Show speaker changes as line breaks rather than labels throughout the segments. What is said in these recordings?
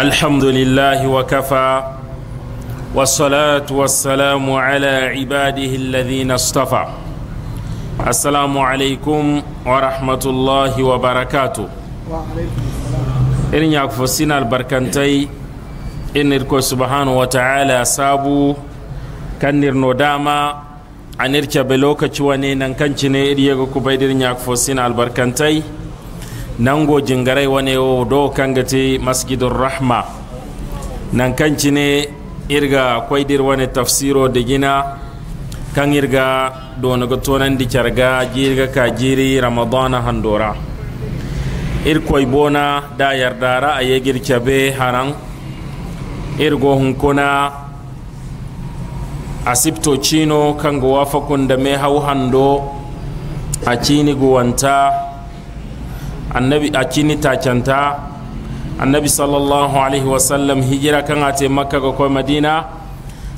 الحمد لله وكفى والصلاة والسلام على عباده الذين اصطفى السلام عليكم ورحمة الله وبركاته إن يكفسنا البركنتي إن إركو سبحانه وتعالى سابو كان نرداما أن إركب لوكا شواني ننكنشني إريغو كبير إن يكفسنا البركنتي nango jingarai wane o do kangati masjidur rahma nan kanci ne irga kwaidir wane tafsiro da gina kan irga dona ga tonan di jirga ka jiri ramadana handora irkoi bona da yardara a yegir cabe haran go hunkuna asipto cino kan ga wafakun da mai hau hando a chini guwanta annabi a cini canta annabi sallallahu alaihi wasallam hijira kan a te makka ga kwa madina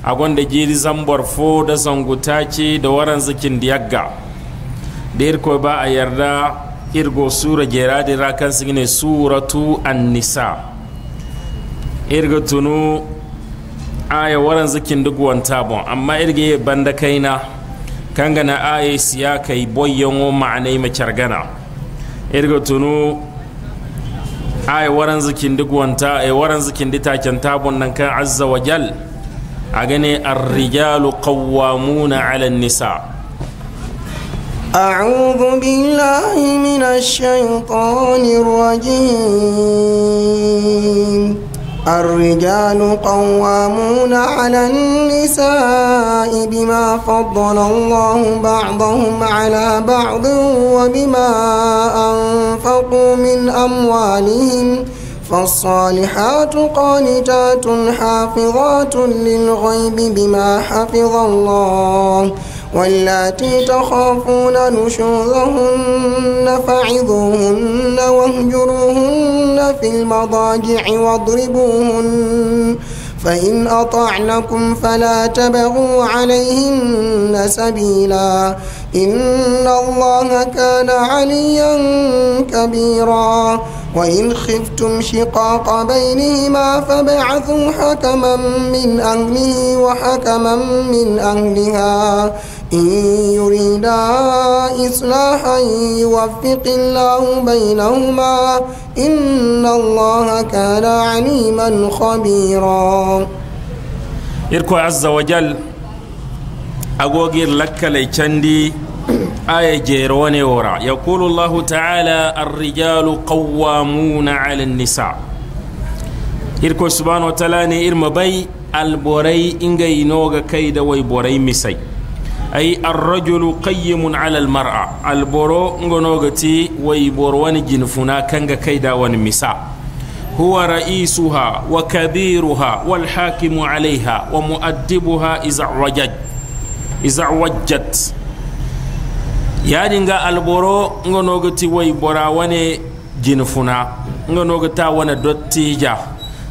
a gwanda jiri zambar fo da zanguta ce da waran zikin diyagga da irko ba a yarda irgo sura gera da rakan su ne suratu an-nisa irga tunu aya waran zikin duk wanta bon amma irge banda kaina kangana aya siya kai boyyanwo ma'anai macargana irga tunu ai waran zikin duk wanta ai waran zikin duk taken tabon nan kan azza wa jal a gane arrijalu qawwamuna ala nisa
أعوذ بالله من الشيطان الرجيم الرجال قوامون على النساء بما فضل الله بعضهم على بعض وبما أنفقوا من أموالهم فالصالحات قانتات حافظات للغيب بما حفظ الله واللاتي تخافون نشوزهن فعظوهن واهجروهن في المضاجع واضربوهن فإن أطعنكم فلا تبغوا عليهن سبيلا إن الله كان عليا كبيرا وإن خفتم شقاق بينهما فبعثوا حكما من أهله وحكما من أهلها إن يريدا إصلاحا يوفق الله بينهما إن الله كان عليما خبيرا
إركو عز وجل أقوغير لك ليشندي آية جيروني ورا يقول الله تعالى الرجال قوامون على النساء إركو سبحانه وتعالى إرمبي البوري إنجي نوغا كيدا ويبوري مسي ay arrajulu qayyimun ala almar'a alboro ngonogati way bor wani jinfuna kanga kayda wani misa huwa ra'isuha wa kabiruha wal hakimu alayha wa mu'addibuha iza wajaj iza wajjat yadinga alboro ngonogati way bora wani jinfuna ngonogata wani dottija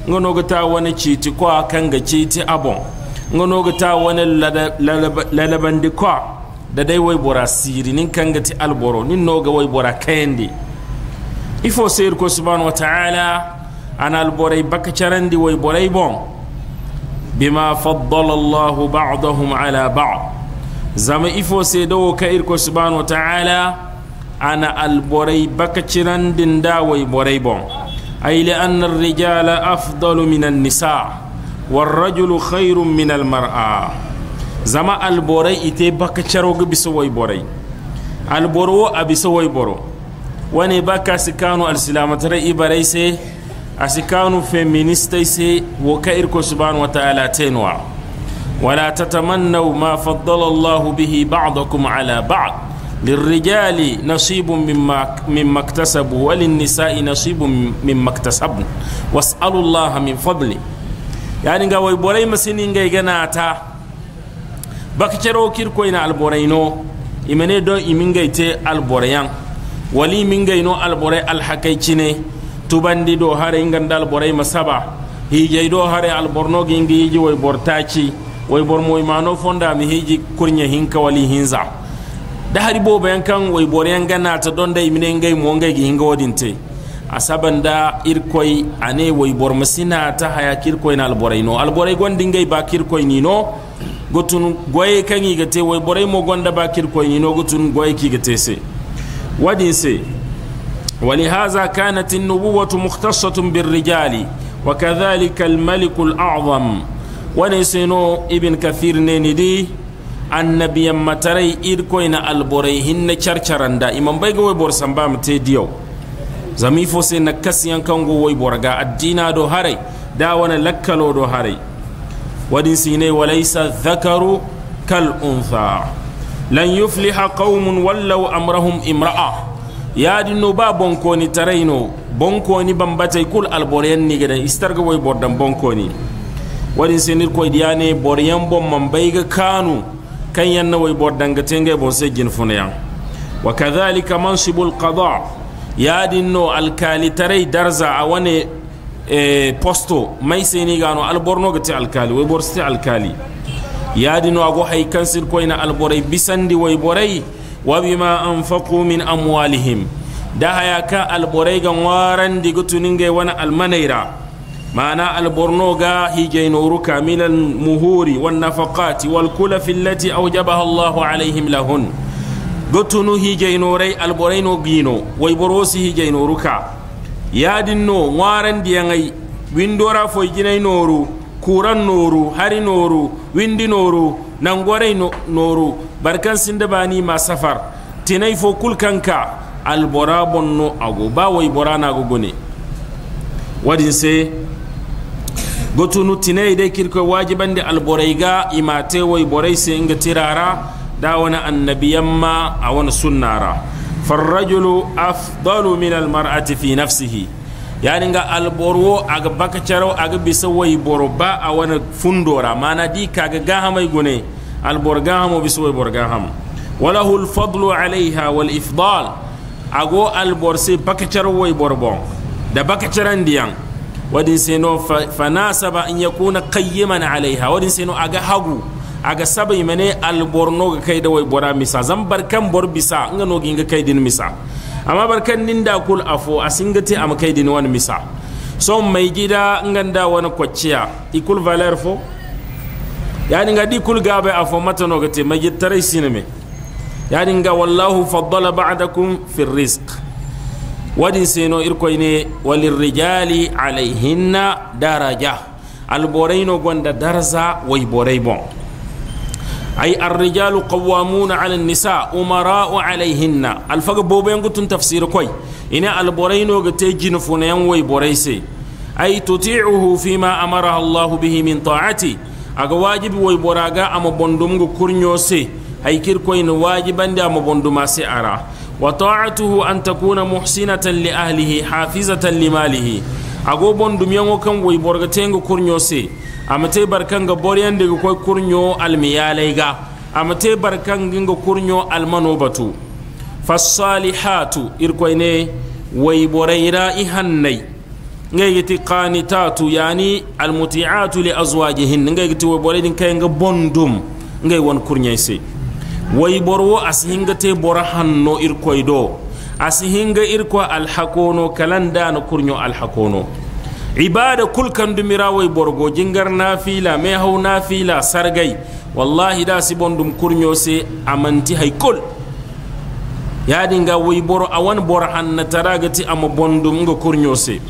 ngonogata wani citi kwa kanga chiti abon ngono ta wani lalabandi kwa da dai wai bora siri nin kan gati alboro nin noga ga wai bora kayande ifo sayir ko subhanahu wataala an alborai baka carandi wai borai bon bima faddala allah ba'dahum ala ba'd zama ifo sai dawo ka irko subhanahu wataala ana alborai baka cirandin da wai borai bon ay li anna ar-rijala afdalu min an nisaa والرجل خير من المرأة زما البوري إتي بك شروق بسوي بوري البورو أبي سوي بورو واني بك أسكانو السلامة رأي بري أسكانو فيمينيستي سي وكايركو سبحانه وتعالى تنوع ولا تتمنوا ما فضل الله به بعضكم على بعض للرجال نصيب مما مما اكتسبوا وللنساء نصيب مما اكتسبن واسالوا الله من فضله yani nga way boray masini ngay ganata bakcero kirkoi na no imene do imingay te alborayan wali imingay no alborai alhakai cine tubandi do hare dal borai masaba hijay do hare alborno gingi ji wai bortaci bor moy mano fonda mi hiji kurnya hinka wali hinza da hari bo bayan kan wai borayan ganata don dai imine ngay mo ngay gi hinga wadinte da irkoi ane bor masina ta haya kirkoi na alborai no alboray dingai ba kirkoi ni no gotun goye kangi gate woy borai mo gonda ba kirkoi ni no gotun goye ki gate se wadin se ولهذا كانت النبوة مختصة بالرجال وكذلك الملك الأعظم ونسينو ابن كثير نيندي النبي متري إيركوين البوري هن شرشرندا إمام بيغوي mu te تيديو zami fo na kasiyan kango wai borga addina do harai da wani lakkalo do harai wadin ne walaysa zakaru kal unsa lan yufliha qaumun wallau amrahum imra'a ya no ba bonkoni tarayno bonkoni bambata kul alboryan ni gadan istarga wai bordan bonkoni wadin ne koy diyane boryan bom mambayga kanu kan yanna wai bordan ga tenge bon wa jin funayan وكذلك منصب no alkali tarai darza a wani e, posto mai sai ni gano alborno ga te alkali wai borsi alkali yadin no ago hay kansir ina alborai bisandi borai wa bima anfaqu min amwalihim da haya ka alboray ga warandi ga wani almanaira mana alborno ga higeynoru kamilal muhuri wal kulafi allati awjabaha allahu alaihim lahun gotunu hijeynoray alborayno giino wayborosi hijeynoruka yaadinno ŋwarandiyay windora foyjinaynoru kuran noru hari noru windi noru nangwarai noru barkan sindabani ma safar tinai fo kulkanka albora bonno ago ba wai bora na agogo wadin se gotunu tinai dai kirko wajiban da alborai ga imate wai se ngatirara tirara da wani annabiyan ma a wani sunnara farrajulu afdalu min almar'ati fi nafsihi yani nga alborwo aga bakacaro aga bisa way borba a wani fundora mana di kaga gahamai gune albor gahamo bisa way bor gaham walahu alfadlu alaiha wal ifdal ago albor sai bakacaro way borbon da bakacaran diyan wadin sai no fanasaba in yakuna qayyiman alaiha wadin sai no aga hagu aga sabai mene alborno ga kai da wai bora misa zan barkan bor bisa nga no ginga kai din misa amma barkan nin da kul afo asingati am kai din wani misa so mai gida nganda wani kwaciya ikul valer fo yani nga di kul gabe afo mata no gate mai tare siname yani nga wallahu faddala ba'dakum fi rizq wadin seno irkoy ne walirrijali na daraja alborai no gonda darza wai borai bon ay ar-rijalu qawwamuna 'ala an-nisa umara'u 'alayhinna alfaga boben gutun tafsir koy ina al-boraino ga tejin funayan way boraise ay tuti'uhu fima amaraha Allah bihi min ta'ati aga wajibi way boraga ama bondum go kurnyo se ay wajibande ama bonduma se ara wa ta'atuhu an takuna muhsinatan li ahlihi hafizatan li malihi ago bondum yango kan way borga tengo kurnyo amate barkanga boriyande ga kwai kurnyo almiyalay ga amate barkan ga kurnyo almano batu fasalihatu irkoyne wayborayra i hannay ngaygiti qanitatu yani almutiatu li azwajihin ngaygiti wayboraydin kayanga bondum ngay won kurñayse wayborwo te bora hanno irkwai do asihinga irko alhakono na kurnyo alhakono ibada kul dumira wai borgo jingar fila mai hau nafila sargai wallahi da si bondum kurnyo se amanti hay ya dinga wai boro awan bor hanna taragati am bondum ngo kurnyo se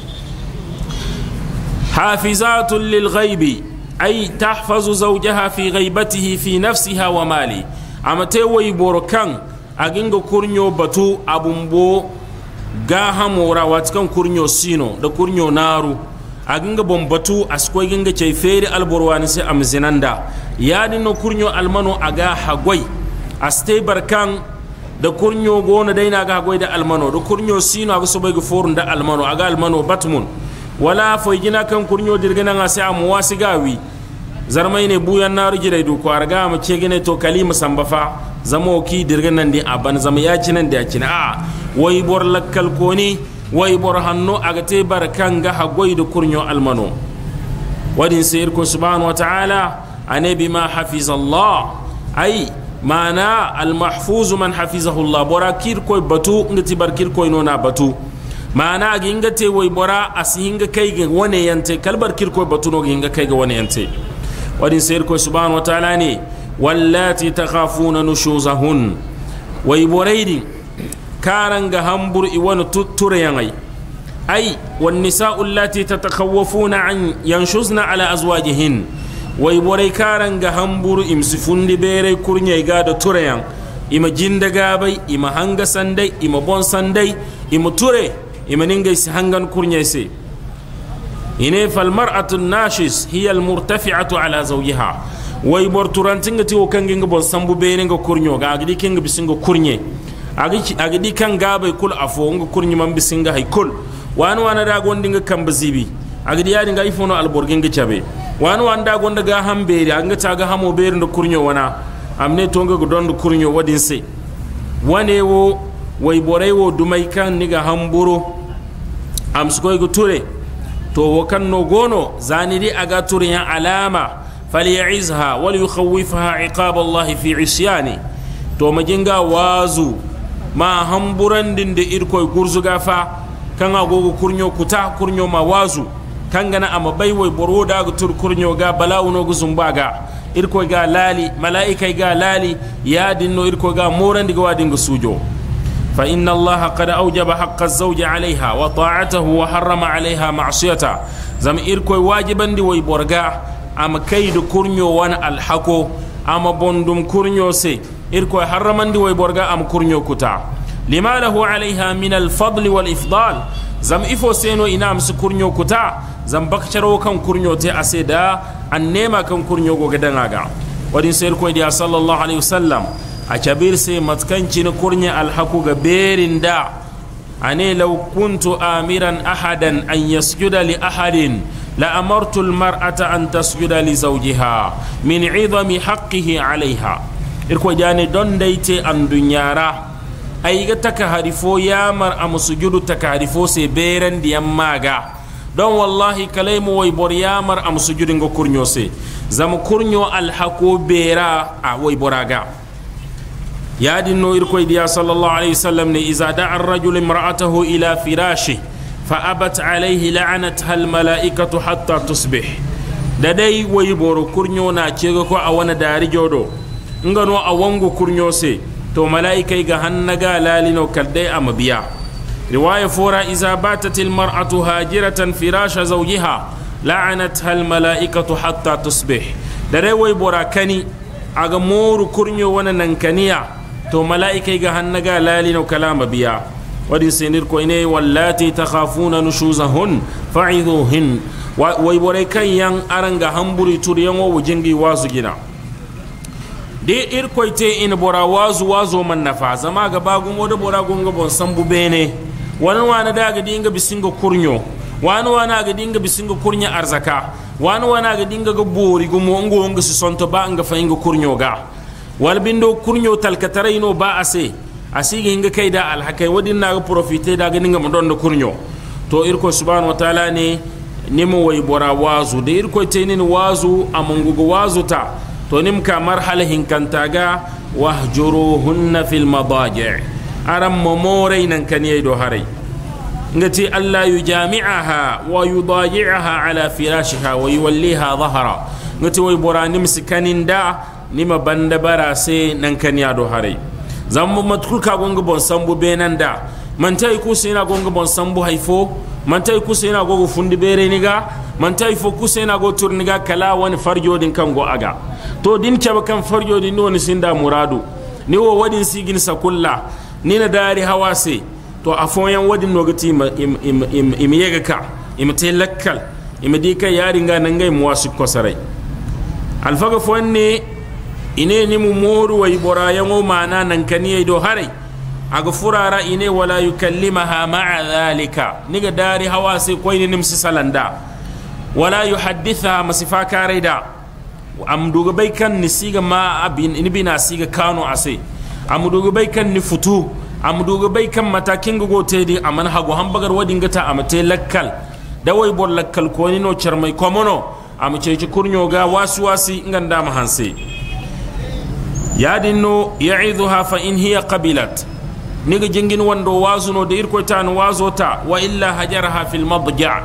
hafizatul lil ghaibi ay tahfazu zawjaha fi ghaibatihi fi nafsiha wa mali amate wai boro kan aginga kurnyo batu abumbo gaha mora watkan kurnyo sino da kurnyo naru a a bombatu asikoi ginga feri alborwa alborwani sai am zinanda ya dina kurnyo almano hagwai a astei barkan da kurnyo gona dai ga hagwai da almano da kurnyo sino a gusa bai forun da almano ga almano batmun wala fai gina kan kurnyo dirgana nga se am gawi zarmai ne buyan na da gidai du riga mu ce gina to kalima sambafa zamo ki dirgana a ban zama ya ci nan da ya na a wai bor lakkal ko ni. way bor hanno agate barkanga ha goydo kurnyo almano wadin sayir ko subhanahu wa ta'ala ane bima hafiza allah ay mana almahfuz man hafizahu allah bora kir koy batu ngati barkir koy nona batu mana ga inga te way bora asinga kai ga wane yante kalbar kir koy batu no ga inga kai ga wane yante wadin sayir ko subhanahu wa ta'ala ne wallati takhafuna nushuzahun way boraydin karanga hambur i wani ai wani ay wan ta allati na an na ala azwajihin way boray karanga hambur im sifundi bere kurnya iga da tureyan ima jinda gabai ima hanga sandai ima bon sandai ima ture ima ningay si hangan kurnya se ine fal mar'atu nashis murtafi'atu ala zawjiha way bor turantinga ti o kangi bon sambu bere ga kurnyo ga ga kinga ga kurnye agidi kan gaba kul afo nga kurñiman bisinga hay kul wani wani da kan kamba zibi agidi yadi nga ifono ga cabe wani wani da gonda ga ham an ga taga hamo beri ndo kurño wana amne tonga go dondo kurño wadin se wane wo wai borai wo dumai kan niga hamburo am sukoy ga ture to wo kan no gono zanidi aga turiya alama falya'izha wal yukhawifha iqab Allah fi isyani to majinga wazu ma hamburandin da irkoi gurzuga fa kan agogo kurnyo kuta kurnyo ma wazu kan gana ama baiwai boro da tur kurnyo ga balawuno guzumba ga irkoi ga lali mala'ikai ga lali ya dinno irkoi ga moran diga wadin ga sujo fa inna allaha qad awjaba haqqa zawji alaiha wa ta'atahu wa harrama alaiha ma'siyata zam irkoi wajiban di wai borga am kai da kurnyo wan alhako ama bondum kurnyo se irkoye harramandi woy borga am kurño kuta lima lahu alayha min alfadli walifdal zam ifo seno ina am si kurño kuta zam bakcaro kan kurño ase da an nema kan kurño goge dangaga wadin so irkoye diya sallllahu alayhi wa sallam a cin se matkancini kurñe alhakuga berin da ane law kuntu amiran ahadan an yasjuda li ahadin لأمرت المرأة أن تسجد لزوجها من عظم حقه عليها irko jani don daite an dunyara ai ga taka harifo yamar a gudu taka harifo sai beren da yamma ga don wallahi kalai mu wai bor yamar a musu musujudin ga kurnyo sai zama kurnyo alhako bera a wai boraga ya no irko diya sallallahu alaihi wasallam ne iza da ar-rajul imra'atahu ila firashi fa abat alaihi la'anatha al-mala'ikatu hatta tusbih da dai wai boro kurnyo na ce ko a wani dari jodo ngano a wangu kurnyo se to malaika ga hannaga lalino kadai a mabiya riwaya fora iza batatil mar'atu hajiratan firasha zawjiha la'anat al malaikatu hatta tusbih dare wai borakani aga moru kurnyo wana nankaniya to malaika ga hannaga lalino kalama biya wadin sinir ko ine wallati takhafuna nushuzahun fa'idhuhun wai borai kan yan aranga hamburi turiyan wo jingi wasu gina de ir koyte in bora wazu wazo man nafa zama ga bagun wadda bora gonga bon bube bene wani wani da ga dinga bisinga kurnyo wani wani ga dinga bisinga kurnya arzaka wani wani ga dinga ga bori gumo ngo ngo si sonto ba nga fa inga kurnyo ga wal bindo kurnyo talkatarai no ba ase ga hinga kai da alhakai wadin na ga profite da ga dinga mudon da kurnyo to irko subhanahu wataala ne nemo wai bora wazu da irko yi ne wazu amungugo wazu ta تونمك مرحلة هنكنتاغا واهجروهن في المضاجع أرم ممورين كان يدو هري التي ألا يجامعها ويضاجعها على فراشها ويوليها ظهرا التي ويبرا نمسكن دا نما بند براسي نكن يدو هري زمو مدخل كاغونغ بون سامبو بينان دا من تاي كوسينا غونغ بون سامبو هيفو من تاي كوسينا غوغو فندي بيرينيغا من تاي فو كوسينا غو تورنيغا كلا وان فرجودين كانغو أغا to din ke kan farjo din wani sin da muradu ni wo wadin sigin sakulla ni na dari hawa se to a foyan wadin nogati im im im im yega ka im te lakkal im di ka yari nga nan gai muwasi kosarai alfaga fonne ine ni mu moru ibora borayan o mana nan kaniye do harai aga furara ine wala yukallimaha ma'a ni niga dari hawa se ni nimsi salanda wala yuhaddisa masifa da. am duga bai kan ni siga ma abin ni bina siga kano ase am duga bai kan ni futu am duga bai kan matakin go tedi aman hago hambagar wadin gata amate lakkal da wai bor lakkal ko ni no charmai komono am ci kurnyo ga wasu wasi nganda ma hanse din no ya'idha fa in hiya qabilat ga jingin wando no da irko tan ta wa illa hajaraha fil madja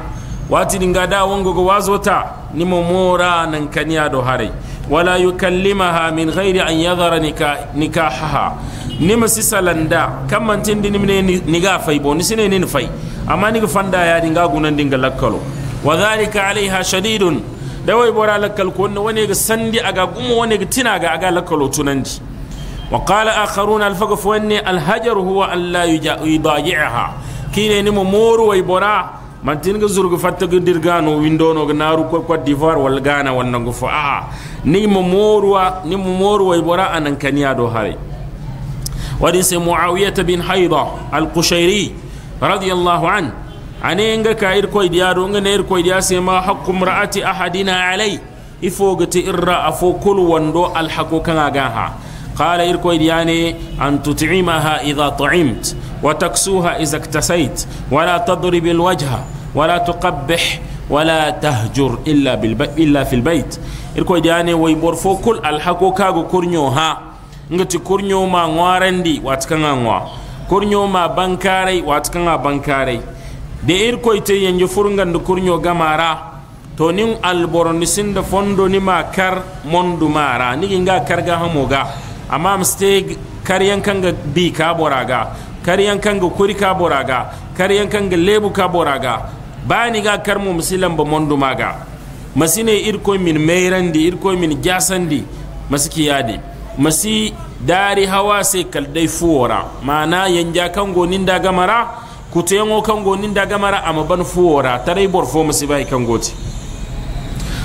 wati dinga da wango go wazota nimo mora nan kaniya do hare wala yukallimaha min ghairi an yadhara nikahaha nima sisalanda man tindi nimne niga fay bo nisine nin fay amma niga fanda ya dinga gunan dinga lakkalo wa dhalika alaiha shadidun da wai bora lakkal ko wani ga sandi aga gumo wani ga tina ga aga lakkalo tunanji وقال آخرون الفقف وأن الهجر هو أن لا يضايعها كين moru wai bora. mantin ga zurgu fatta ga dirgano windono ga naru ko cote wal gana wal nango fo a ah, ni mo morwa ni mo morwa ibora anan kaniya do hare wadi se muawiya bin haida al qushairi radiyallahu an ane nga kair ko diya do nga ner ko diya se ma haqqu ra'ati ahadina alai ifo ga ti irra afo kul wando al haqu kan ha قال إركو إلياني يعني أن تطعمها إذا طعمت وتكسوها إذا اكتسيت ولا تضرب الوجه ولا تقبح ولا تهجر إلا, بالبي إلا في البيت إركو ويبور يعني ويبورفو كل الحقو كاغو كورنيوها نغتي كورنيو ما نوارندي واتكنا نوار كورنيو ما بانكاري واتكنا بانكاري de ir koyte yanju furgan do kurño gamara to nin alboro ni sinda fondo ni ma kar mondu mara amma mistake karyan kanga b ka boraga karyan kanga kuri ka boraga karyan kanga lebu ka boraga bani ga karmo musilan ba mondu maga masine irko min di irko min jasandi masiki yadi masi dari hawa sai kaldai fuwara mana yanja gonin da gamara kan gonin da gamara amma ban fuwara tarai borfo kan goti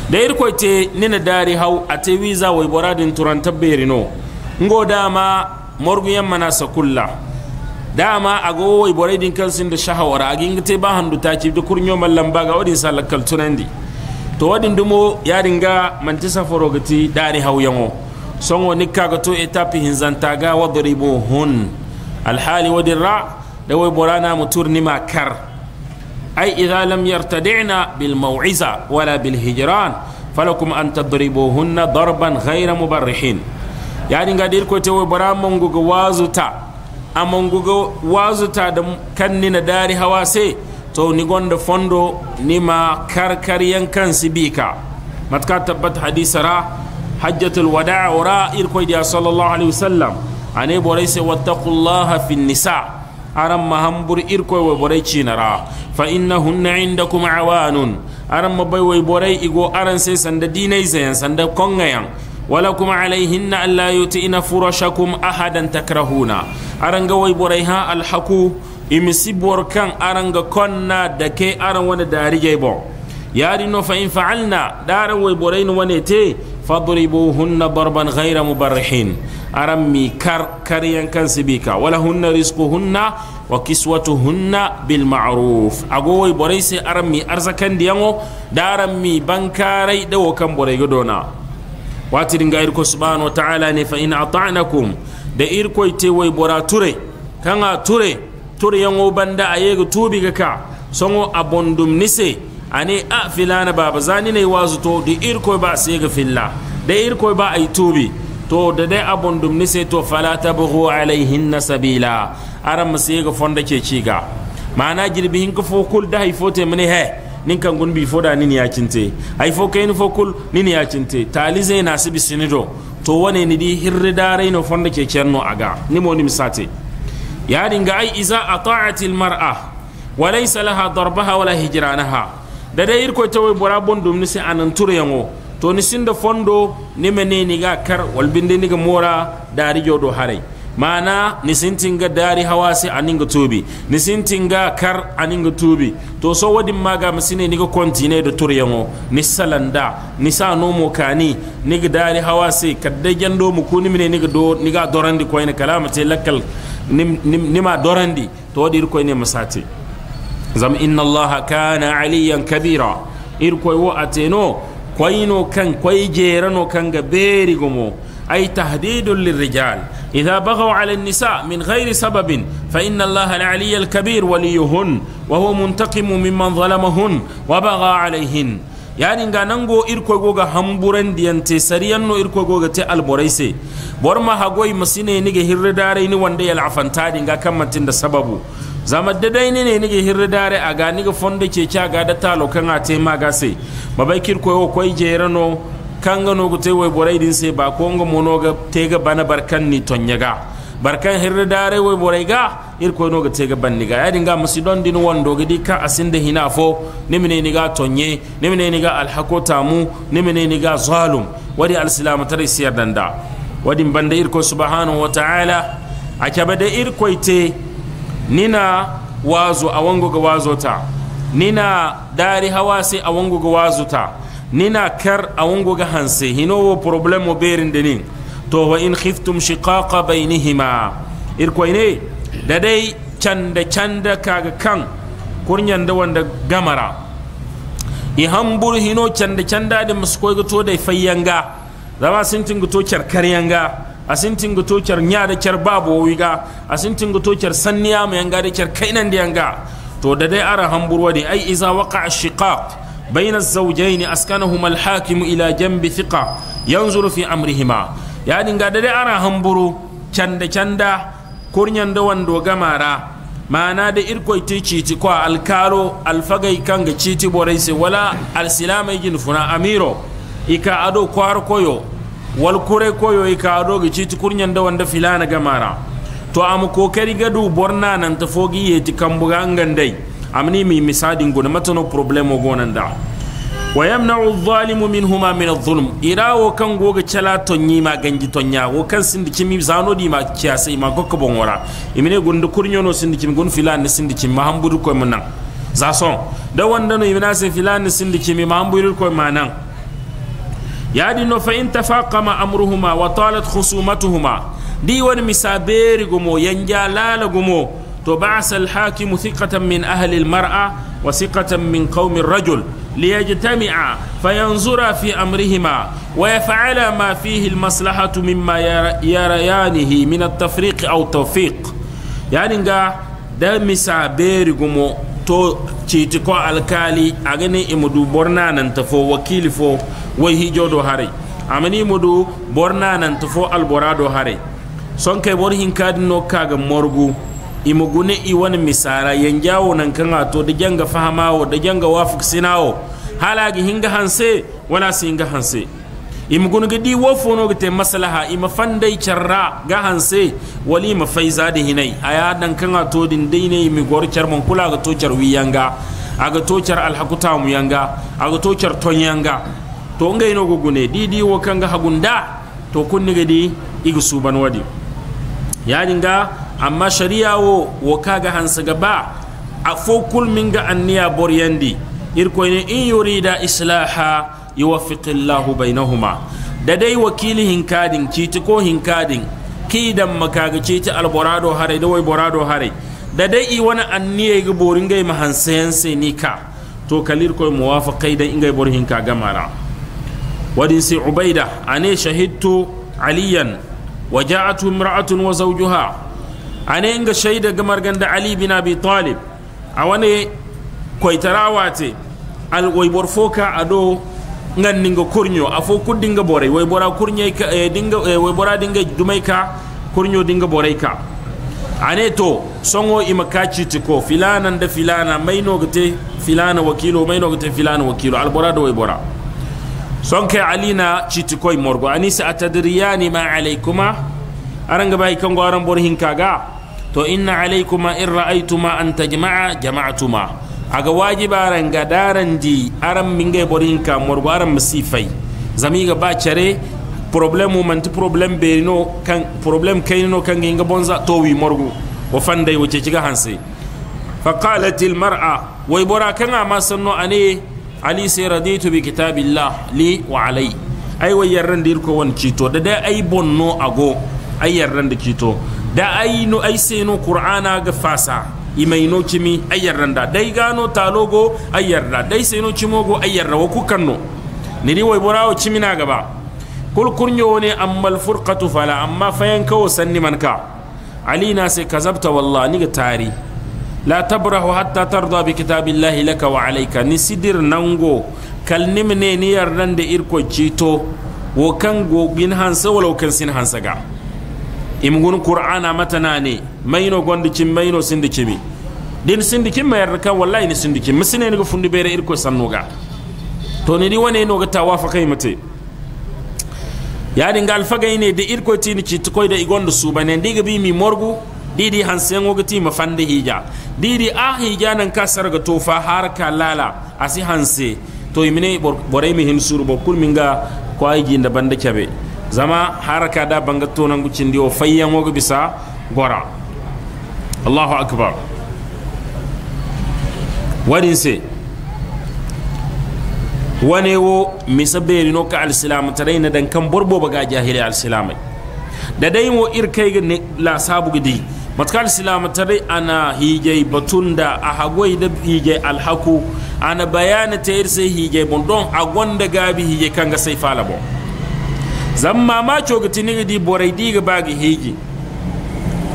da irko te nina dari hau a te wiza wai boradin turantar berino ngo dama morgu yamma na sakulla dama ago way boray din kan sin da shahawara agin te ba handu ta ci da kurnyo mallan ga wadin salakal tunandi to wadin dumo ya dinga mantisa forogati dari hawyango songo nikka ga to etapi hinzanta ga wadribu hun alhali wadin ra da way borana mutur ni makar ay idha lam yartadi'na bil mau'iza wala bil hijran falakum an tadribuhunna darban ghayra mubarrihin yani ga dir ko tewo bara manguga wazuta a go wazuta da kanni na dari hawase to ni gonda fondo ni ma karkar yankan sibika matka tabbat hadisara hajjatul wada'a ora ir ko dia sallallahu alaihi wasallam ane borai sai wattaqullaha fin nisa' aram mahambur ir ko wo boray chinara fa innahunna indakum awanun aram ma bay way boray igo aran se sanda dinay zayan sanda kongayan ولكم عليهن ألا يتئن فرشكم أحدا تكرهون أرنغ ويبريها الحكو إمسي بوركان أرنغ كنا دكي أرن ون داري جيبو ياري نو فإن فعلنا دار ويبرين ونتي فضربوهن ضربا غير مبرحين أرمي كر كريا كان سبيكا ولهن رزقهن وكسوتهن بالمعروف أقوي بريسي أرمي أرزكن ديانو دارمي بنكاري دو كان بريغدونا watirin ga irko subhanahu ta'ala ne fa in ata'nakum da irko ite wai bora ture a ture ture yango banda ayega tubi ga ka songo abondum nise ani a filana baba zani ne wazu to da irko ba sai ga filla da irko ba ai tubi to da dai abondum nise to fala tabghu alaihinna sabila aram sai ga fonda ke ciga ma'ana girbihin ka fo kul da haifo te mene he nin kan gun bi da nin ya cinte ai fo kain fo kul nin ya cinte talize na sibi sinido to wane ni di hirri dare no fonda ke kenno aga ni mo ni misate ya dinga ai iza ata'ati al mar'a wa laysa laha darbaha wala hijranaha da dai irko tawe bora bondum ni se anan yango to ni sinda fondo ni meneni ga kar walbinde ni ga mora dari jodo harai mana ga dari hawa ninga tobi tubi ga kar ninga tubi to so wadin maga masine niga kontine da turyango nisalanda nisa nomo kani niga dari hawa sai kadda jando mu kuni mine niga do niga dorandi ko ina kalama te lakal nim, nim, nima dorandi to wadi ko ne masate zam inna allaha kana aliyan kabira ir ko wo ateno no kan koy jerano kan ga beri gomo أي تهديد للرجال إذا بغوا على النساء من غير سبب فإن الله العلي الكبير وليهن وهو منتقم ممن ظلمهن وبغى عليهن yani nga nan go irko goga hamburen diyante sariyan no irko goga te alboraise borma ma masine nige hirre dare ni wanda yal afantadi nga kamatin da sababu zama dadai ne ne nige hirre dare aga nige fonde ce kya ga da talo kan a te magase babai kirko jerano kanga no gute wai borai din se ba ko ngo mono ga tega bana barkan ni ga barkan hirre dare wai borai ga ir ko no ga tega banni ga yadin ga musidon din wondo ga di ka asinde hina fo nimine ni ga tonye nimine ni ga alhako tamu nimine ni ga zalum wadi alislam tare siyar danda wadi banda ir ko subhanahu wa ta'ala akaba da ir ko ite nina wazo a wango ga wazo ta nina dari hawa sai a wango ga wazo ta nina kar a ga hanse hinowo probléme o ni to wa in khiftum shiqaqa bainihima da dadai canda canda kaga kan kurñanda wanda gamara i hamburu hino canda candade maskoyga to day fayyanga zama sintinga to car karyanga asintin ga tocar nya da car babu wiga asintin ga tocar sanniya mai yanga da car kainan da yanga to da dai ara hamburwa da ai iza waqa ashiqaq بين الزوجين أسكنهما الحاكم إلى جنب ثقة ينظر في أمرهما يعني قد أرى همبرو چند چند كورنيان دوان دو غمارا معنى دي إركوي تيشي تكوا الكارو الفغي كانغ تيشي بوريس ولا السلام يجن فنا أميرو إكا أدو كوار كويو والكوري كويو إكا أدو تيشي كورنيان دوان دو فلانا غمارا تو am kokari gadu borna nan ta fogi yeti kambuga ngandai amni mi misadin gona matano problemo gonan da wa yamna'u adh-dhalimu minhuma min adh-dhulm ira wo kan goga cala yi ma ganji tonya wo kan sindiki mi zano di ma kiyasa ma gokko bon wara imine gundu kurnyo no sindiki gun filan ne sindiki ma hamburu ko mun zason da wanda no imina se filan ne sindiki mi ma ko ma nan di no fa in tafaqama amruhuma wa talat khusumatuhuma di wani misaberi gumo yanja lala gumo to ba'asa al mu thiqatan min ahli mara wa thiqatan min qaumi ar-rajul liyajtami'a fayanzura fi amrihima wa yaf'ala ma fihi al-maslahatu mimma yarayanihi min at-tafriq aw tawfiq yani ga da misa beri gumo to citi ko alkali a gani imudu borna nan tafo wakili fo wai hijo do amani imudu borna nan tafo alborado hari son kai bor hinkadin no kaga morgu imugune wani misara yanjawo nan kan ato da janga fahamawo da janga wafuk sinawo halagi hinga hanse wana si hinga hanse imugune gidi wofono gite maslaha ima fandai charra ga hanse wali ima faiza da hinai aya dan kan ato din dai ne mi gor charmon kula ga to charwi yanga aga to char alhakuta mu yanga aga to char ton yanga to ngai no gugune didi wo kanga hagunda to kunni gidi igusuban wadi wadi amma sharia wo wo kaga hansaga gaba a fo ga minga anniya boryandi irkoyne in yurida islaha yuwaffiqi llahu bainahuma da dai wakili hinkadin citi ko hinkadin kidan makaga citi alborado hare da wai borado hare da dai i wani anniya ga boringai mahansayansa ni ka to kalir koy muwafaqai dan ingai bor hinka gamara wadin si ubaida ane shahidtu aliyan وجاءته امرأة وزوجها ane nga shaida gamar ganda ali bin abi talib awane koytarawate al alwaibor foka a do ngan ninga kurnyo afo kuddinga boray woybora kurnye ka e dinga e dinga dumai ka kurnyo dinga borai ka ane to songo ima kaciti ko filana nda filana maynogate filana wakilo maynogate filana wakilo albora do woybora sonke alina citi koy morgo anisa atadriyani ma alaykuma aran gaba ikan gwaran bor hinkaga to inna alaykuma in ra'aytuma an tajma'a jama'tuma aga wajiba aran gadaran di aran minge bor hinka mor gwaran zami ga ba chare mu manti problem berino kan problem kaynino kan ginga bonza to wi morgu wa fandai wace ciga hanse fa qalatil mar'a wa ibora kan ma sanno ani ali sai raditu bi kitabillah li wa alai ai wayar ran dir ko won cito da dai ai bonno ago ayyar ran da kito da ai no ai sai no qur'ana ga fasa imai no kimi ayyar ran da dai gano talogo ayyar da dai sai no go ayyar rawa kukanno ni ri wai kimi na gaba kul kurnyo ne ammal furqatu fala amma fayan kawo sanni manka ali na sai kazabta wallahi ni ga tari la hatta لا تبره حتى ترضى بكتاب الله لك وعليك نسدر نانغو كالنم da irko إركو wo kan غو hansa هانسا kan sin hansa ga. imgun qur'ana matana ne mayno gondikin mayno sindikin din sindikin mayar ka wallahi ni sindikin musine ni fundi bere irko sannoga to ni di wane no ga tawafa kai mate ya dinga alfagai ne de irko tini ni citukoi da igondo da su di diga bi mi morgu didi hansen woga ti fande hija didi a hija nan ka ga tofa har ka lala asi hanse to imine borai mi hin suru bokul minga ko ayi da bande kabe. zama haraka da banga tonan gucin diyo fayyan wogu bisa gora allahu akbar wadin se wane wo misa beri no ka alislamu tare na dan kan borbo baga jahili alislamu da dai wo irkai ga la sabu gidi matkal silama tare ana hijai batun da a hagwai da hijai alhaku ana bayana ta irse hijai bon don a gwanda gabi hijai kan ga sai falabon coga ma cogati di borai ba ga hege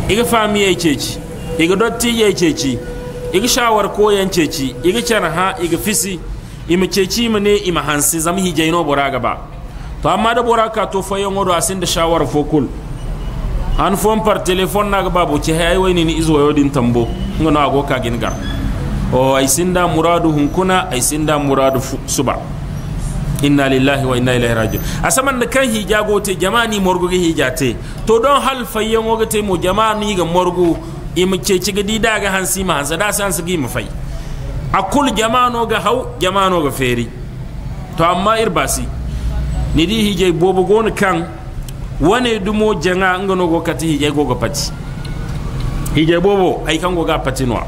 iga fami ya ce ceci iga dotti ya ce ceci iga shawar koyan ceci iga ha iga fisi ima ceci ima ne ima hansi zama ino bora ba to amma da bora ka to fayon wado a da shawar fokul an fon par telefon na ga babu ci hayi wani ni izo din tambo ngana ago ka gar o sin sinda muradu hunkuna sin sinda muradu suba inna lillahi wa inna ilaihi raji'un asaman da kan hija gote ni morgu ga hija te to don hal fayyan woga te mo jamani ga morgu im ce ci gidi da ga hansi ma hansa da san su gi mu fai akul jamano ga hau jamano ga feri to amma irbasi ni di hije bobo gon kan wane dumo janga ngono go kati hije go ga pati hije bobo ai kan go ga pati no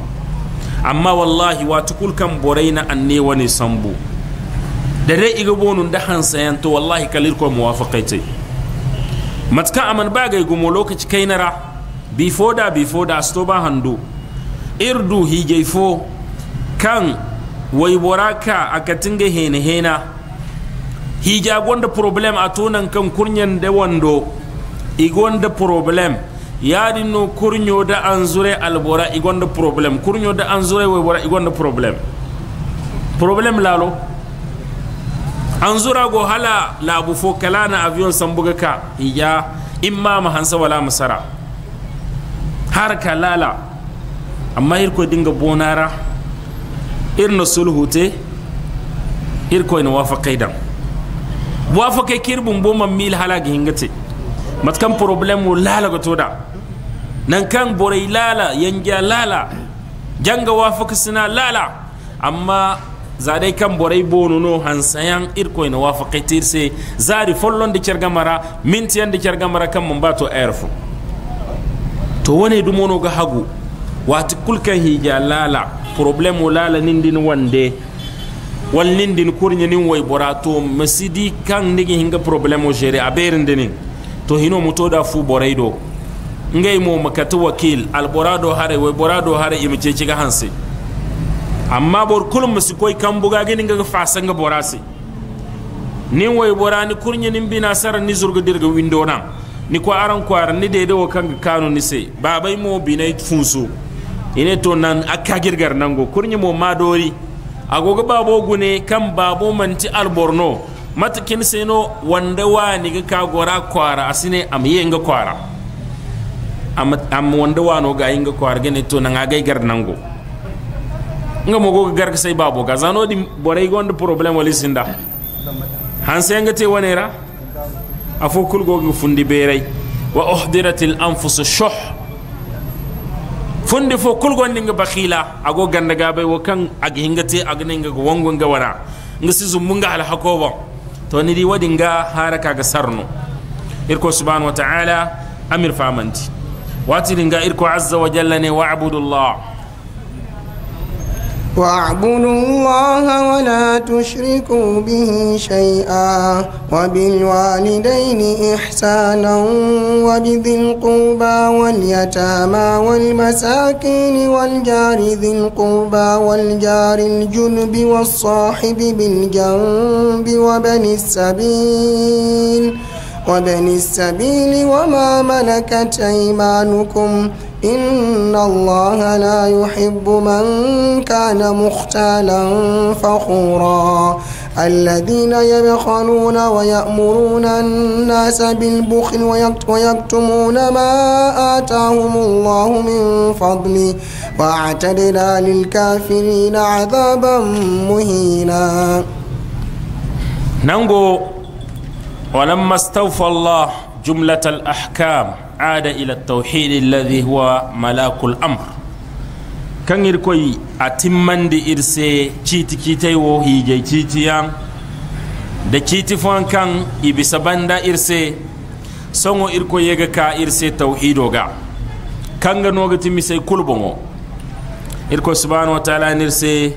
amma wallahi wa tukul kan boraina anne wani sambu da dai iga bonun da hansayan to wallahi kalir ko muwafaqaita matka aman bagay gumo lokaci kainara before da before da sto ba hando irdu hi fo kan akatin ga hene hena ja gonda problem atunan kan kunyan da wando igonda problem yadi no kurnyo da anzure albora igonda problem kurnyo da anzure i igonda problem problem lalo an zura go hala labu fo kala na avion buga ka iya imma ma hansa wala masara har kalala amma hirko dinga bonara irna te irko ina wafa kaidan wafa kai kirbun boma mil hala ga hingate matkan problem wo lala ga toda nan kan borai lala yanga lala janga wafa kisina lala amma zadai kan borai bonu no hansayan irko ina wafa zari follon de kyarga mintiyan de kyarga mara kan mun bato ayarfu to wane dumono ga hagu wati kulkan hija lala problem lala nindin wande wal nindin kurnya nin way borato masidi kan nigi hinga problem jere a to hino muto da fu borai do ngai mo makata wakil al borado hare way borado hare imce ciga hansi amma bor kulum musu koy buga gini ga fasan ga borasi ni way borani kurnya nin bina sar ni zurga dirga windo nan ni ko aran kwara ni dede wakan ga kanu ni se babai mo binai funsu ine to nan akka girgar nan go kurnya mo madori agogo babo gune kan babo manti alborno matakin seno wanda wa ni ga gora kwara asine am yenga kwara am wanda wa no ga yenga kwara gene to nan agai gar nan go nga mogo ga garka sai babo ga zano di borai ga wanda problem wali sinda han sai nga te wanera afo kul go ga fundi berai wa uhdiratil anfus shuh fundi fo kul go ndinga bakhila ago ganda ga bai wakan agi hinga te agi ninga go wangon ga wana nga si zumunga hal hakobo to ni di wadinga haraka ga sarno irko subhanahu wa ta'ala amir famanti wati nga irko azza wa jalla ne wa abudullah
واعبدوا الله ولا تشركوا به شيئا وبالوالدين إحسانا وبذي القربى واليتامى والمساكين والجار ذي القربى والجار الجنب والصاحب بالجنب وبن السبيل وبن السبيل وما ملكت أيمانكم ۖ إن الله لا يحب من كان مختالا فخورا الذين يبخلون ويأمرون الناس بالبخل ويكتمون ما آتاهم الله من فضله وأعتدنا للكافرين عذابا مهينا
ننقو ولما استوفى الله جملة الأحكام ada ila tauhid alladhi huwa malakul amr kan irkoy atimman di irse citi kitai wo hige kitiyan da kiti kan ibisa banda irse songo irko yega ka irse tauhido ga kanga noga timisai kulbongo irko subhanahu wa ta'ala nirse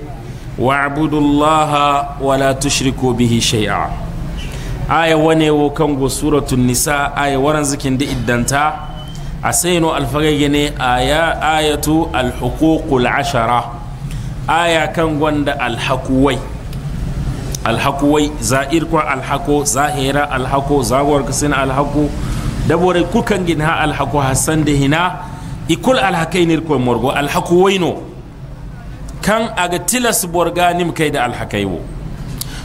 wa'budullaha wa la tushriku bihi shay'a aya wane wo go suratul nisa aya waran zikin da iddanta a no alfagage ne aya ayatu alhukukul ashara aya kan gwanda alhakuwai alhakuwai za'ir kwa alhako zahira alhako zagwar kasina alhako dabore kukan gin ha alhako hasan da hina ikul alhakai ne kwa morgo alhakuwai no kan aga tilas borga nim kai da alhakai wo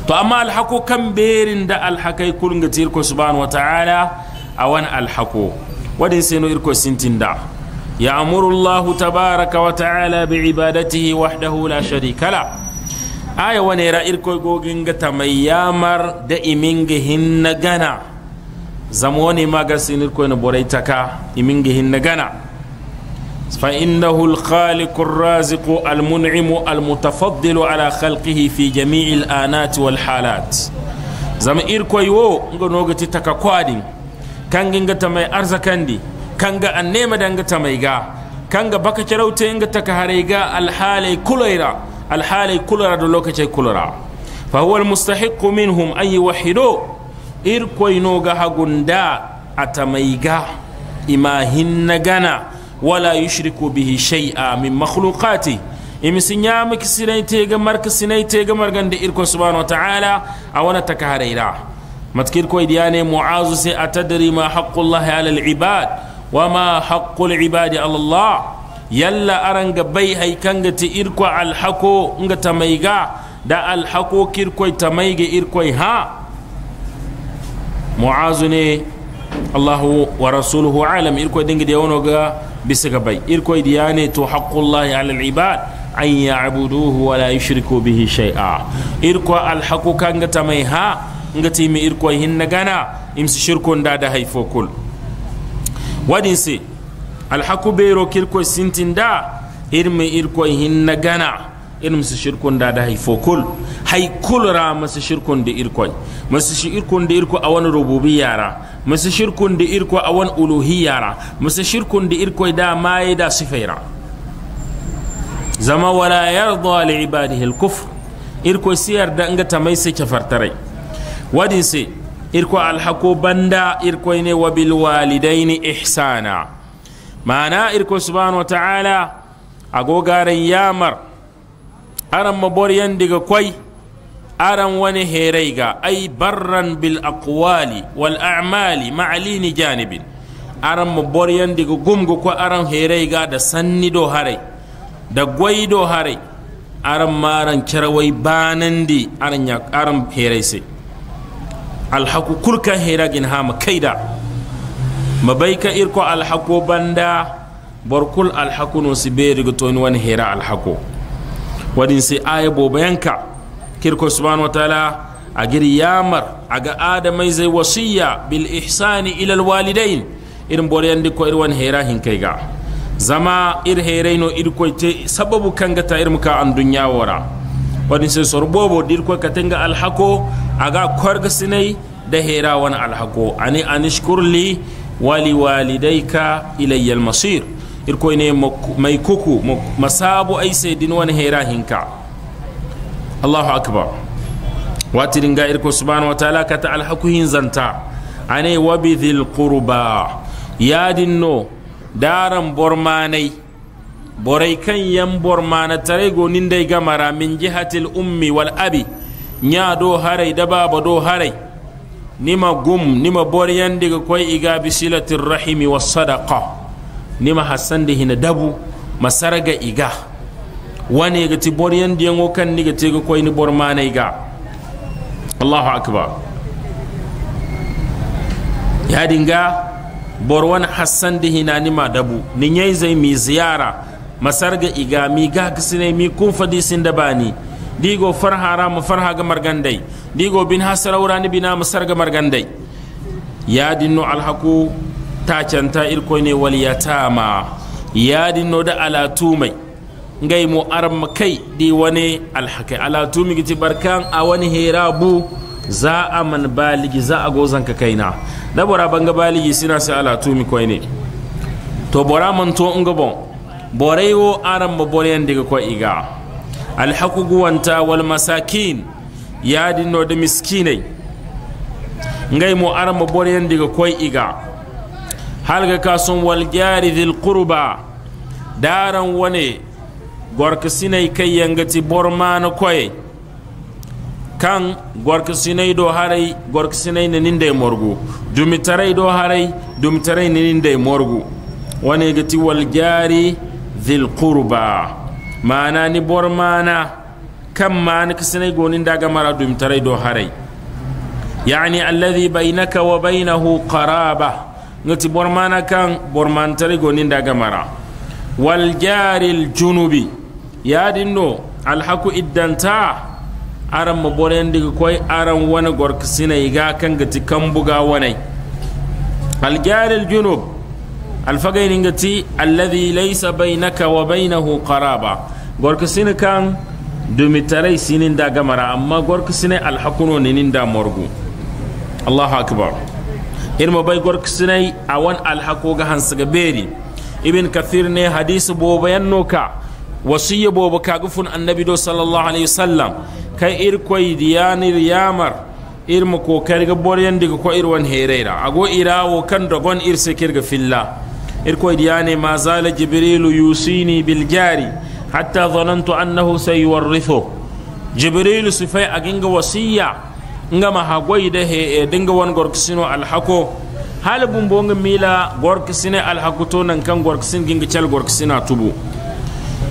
to amma alhako kan berin da alhakai kulunga ti irko subhanahu wataala awan alhako wadin irko sintinda ya'muru allah tabaraka wataala biibadatihi wahdahu la sharika la aya wanera irko goginga tamayyamar da iminga hinna gana zamoni maga sinirko na boraitaka iminga hinna gana فإنه الخالق الرازق المنعم المتفضل على خلقه في جميع الآنات والحالات زم إيركو يو نغنوغ تتكا كوادين كانغ تمي أرزكاندي كانغ النيمة دانغ تميغا كانغ بكا كروتي نغ تكهريغا الحالي كوليرا الحالي كوليرا دولوكا كوليرا فهو المستحق منهم أن يوحدو إيركو ينوغ هاغوندا أتميغا إما هن غنا wala yushriku bihi shay'a min makhluqati imi sin ya miki sinai te ga marka sinai te ga margan da irko subhanahu ta'ala a wana taka haraira matkir koy diyane mu'azu sai atadri ma haqqullahi ala al-ibad wa ma haqqul ibadi ala Allah yalla aranga bai haikanga ti irko alhako nga tamaiga da alhako kirkoi tamaiga irkoi ha mu'azu ne Allahu wa rasuluhu alam irkoi dingi da yawon ga bisa ga bai irko idiyane to haƙƙullahi alal ibad an ya'buduhu wa la yushriku bihi shay'a irko alhaqu kanga mai ha ngati mi irko na gana imsi shirkon da da haifo kul wadin si alhaqu beiro kirko sintinda irmi irko hinna gana in musu shirkun da da haifokul haikul ra musu shirkun da irkoi musu shirkun da irko a wani rububi yara musu shirkun da irko a wani uluhi yara musu shirkun da irkoi da maye da sifaira zama wala yarda li ibadihi al-kufr irko siyar da ta mai sai kafartarai wadin sai irko alhako banda irko ne wa bil walidaini ihsana ma'ana irko subhanahu wa ta'ala gogaren yamar aran maboriyan diga kwai aran wani herai ga ai barran bil aqwali wal a'mali ma'alini janibin aran maboriyan diga gumgu kwa aran herai ga da sanni do harai da gwai do harai aran maran kirawai banan di aran ya aran herai sai alhaku kurkan heragin gin hama kaida mabaika irko alhaku banda barkul alhaku no siberi gutoni wani hera alhaku. wadin sai aya bobayanka kirko subhanahu wa ta'ala a giri yamar a ga adamai zai wasiya bil ihsani ilal walidain irin boriyan diko irwan hera kai ga zama ir ir irko te sababu kanga ta irin ka an dunya wara wadin sai sorbobo dirko ka tanga alhako aga kwarga sinai da hera wani alhako ani anishkurli wali walidayka ilayya masir irko ne mai kuku masabu ai sai din wani hera hinka Allahu akbar wati dinga irko subhanahu wataala ta alhakuhin zanta ane wa dhil qurba ya no daran bormanai borai kan yan bormana tare gonin dai gamara min jihatil ummi wal abi nya do harai da baba do harai nima gum nima bor yan diga koy iga bisilatir rahimi was sadaqa nima hassan da hina dabu masaraga iga wani ga ti bor yan diyan wakan ni ga te ga koy ni bor mana iga Allahu akbar ya dinga bor wani hassan da hina nima dabu ni nyai zai mi ziyara ga iga mi ga kisine mi kun fadi sin da bani digo farhara mu farha ga margandai digo bin hasaraura wurani bina ga margandai ya dinu alhaku tacanta irkoyne wal ya dinno da ala mai ngai mu arma kai di wani alhaka ala mi giti barkan a wani herabu za a man baligi za a gozan ka kaina da bora banga baligi sina sai ala tumi koyne to bora man to nga bon borai wo aram mo borayan diga ko iga alhaku guwanta wal masakin dinno da miskinai ngai mu arma mo borayan diga ko iga halga kasun wal jari dhil qurba daran wane gorka sinai kai yangati borma na kan gorka sinai do harai gorka sinai na ninda morgu dumitarai do harai dumitarai na ninda morgu wane gati wal jari dhil qurba mana ni bormana kan ma ni kisinai gonin daga mara dumitarai do harai yani alladhi bainaka wa bainahu qaraba ngati bormana kan bormantari gonin daga mara wal jaril junubi ya dino alhaku iddanta aran ma boren diga koy aran wani gorkisina iga kan gati kan buga wani al jaril junub alfagaini ngati alladhi laysa bainaka wa bainahu qaraba gorkisina kan dumitarai sinin daga mara amma gorkisina alhakuno ninin da morgu allahu akbar irma wan alhako ga hansu ga beri. ibn kathir ne hadisi wasu yi boba ka annabi do sallallahu alaihi wasallam kai da diyanir yamar irma ko ga boryan daga ko irwan herera go irawo kan dogon irse kirga filla irkoy diyane ma zala jibrilu yusini bil jari hatta zanantu annahu sai sayuwarrithu jibrilu sifai ginga wasiya nga ma da he e dinga won gorkisino alhako hala bumbo nga mila gorkisine alhako to nan kan gorkisin ginga cal gorkisina tubu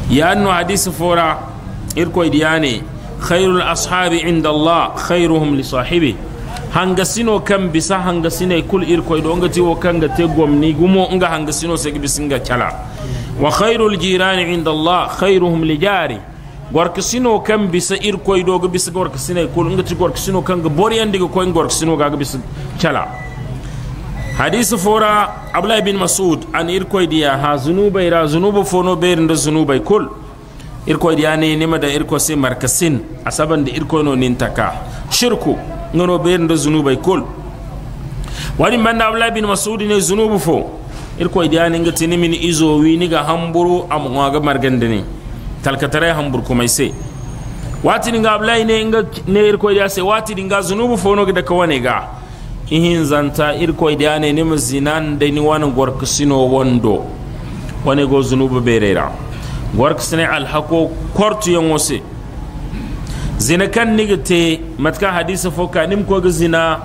yanno hadisi fora irkoy diyane khairul ashabi inda allah khairuhum li sahibi hangasino kan bisa sine kul irkoy nga ngati kan ga te gomni gumo nga hangasino segi bisinga cala wa khairul jirani inda allah khairuhum li jari gorkasino kan bisa ir koy dogo bisa gorkasino ko gorki gorkasino kan ga boriyan diga koy gorkasino ga ga bisa chala hadisi fora abdullahi bin mas'ud an ir koy diya ha zunuba ira zunubu fono bayrin da zunubai kul ir koy diya ne nima da ir koy sai markasin asaban da ir koy no nintaka shirku ngano bayrin da zunubai kul wani banda abdullahi bin mas'ud ne zunubu fo ir koy diya ne ngati nimin izo wi ni ga hamburu am ga margandini talkatare hambur kuma se wati dinga ablai ne inga ne irko ya sai wati dinga zunubu fono ga daga wane ga ihin zanta irko da ne ni zinan da ni wani gwarkasino wando wani go zunubu berera gorkusine alhako kortu yan wose zina kan niga te matka hadisa foka nim ko ga zina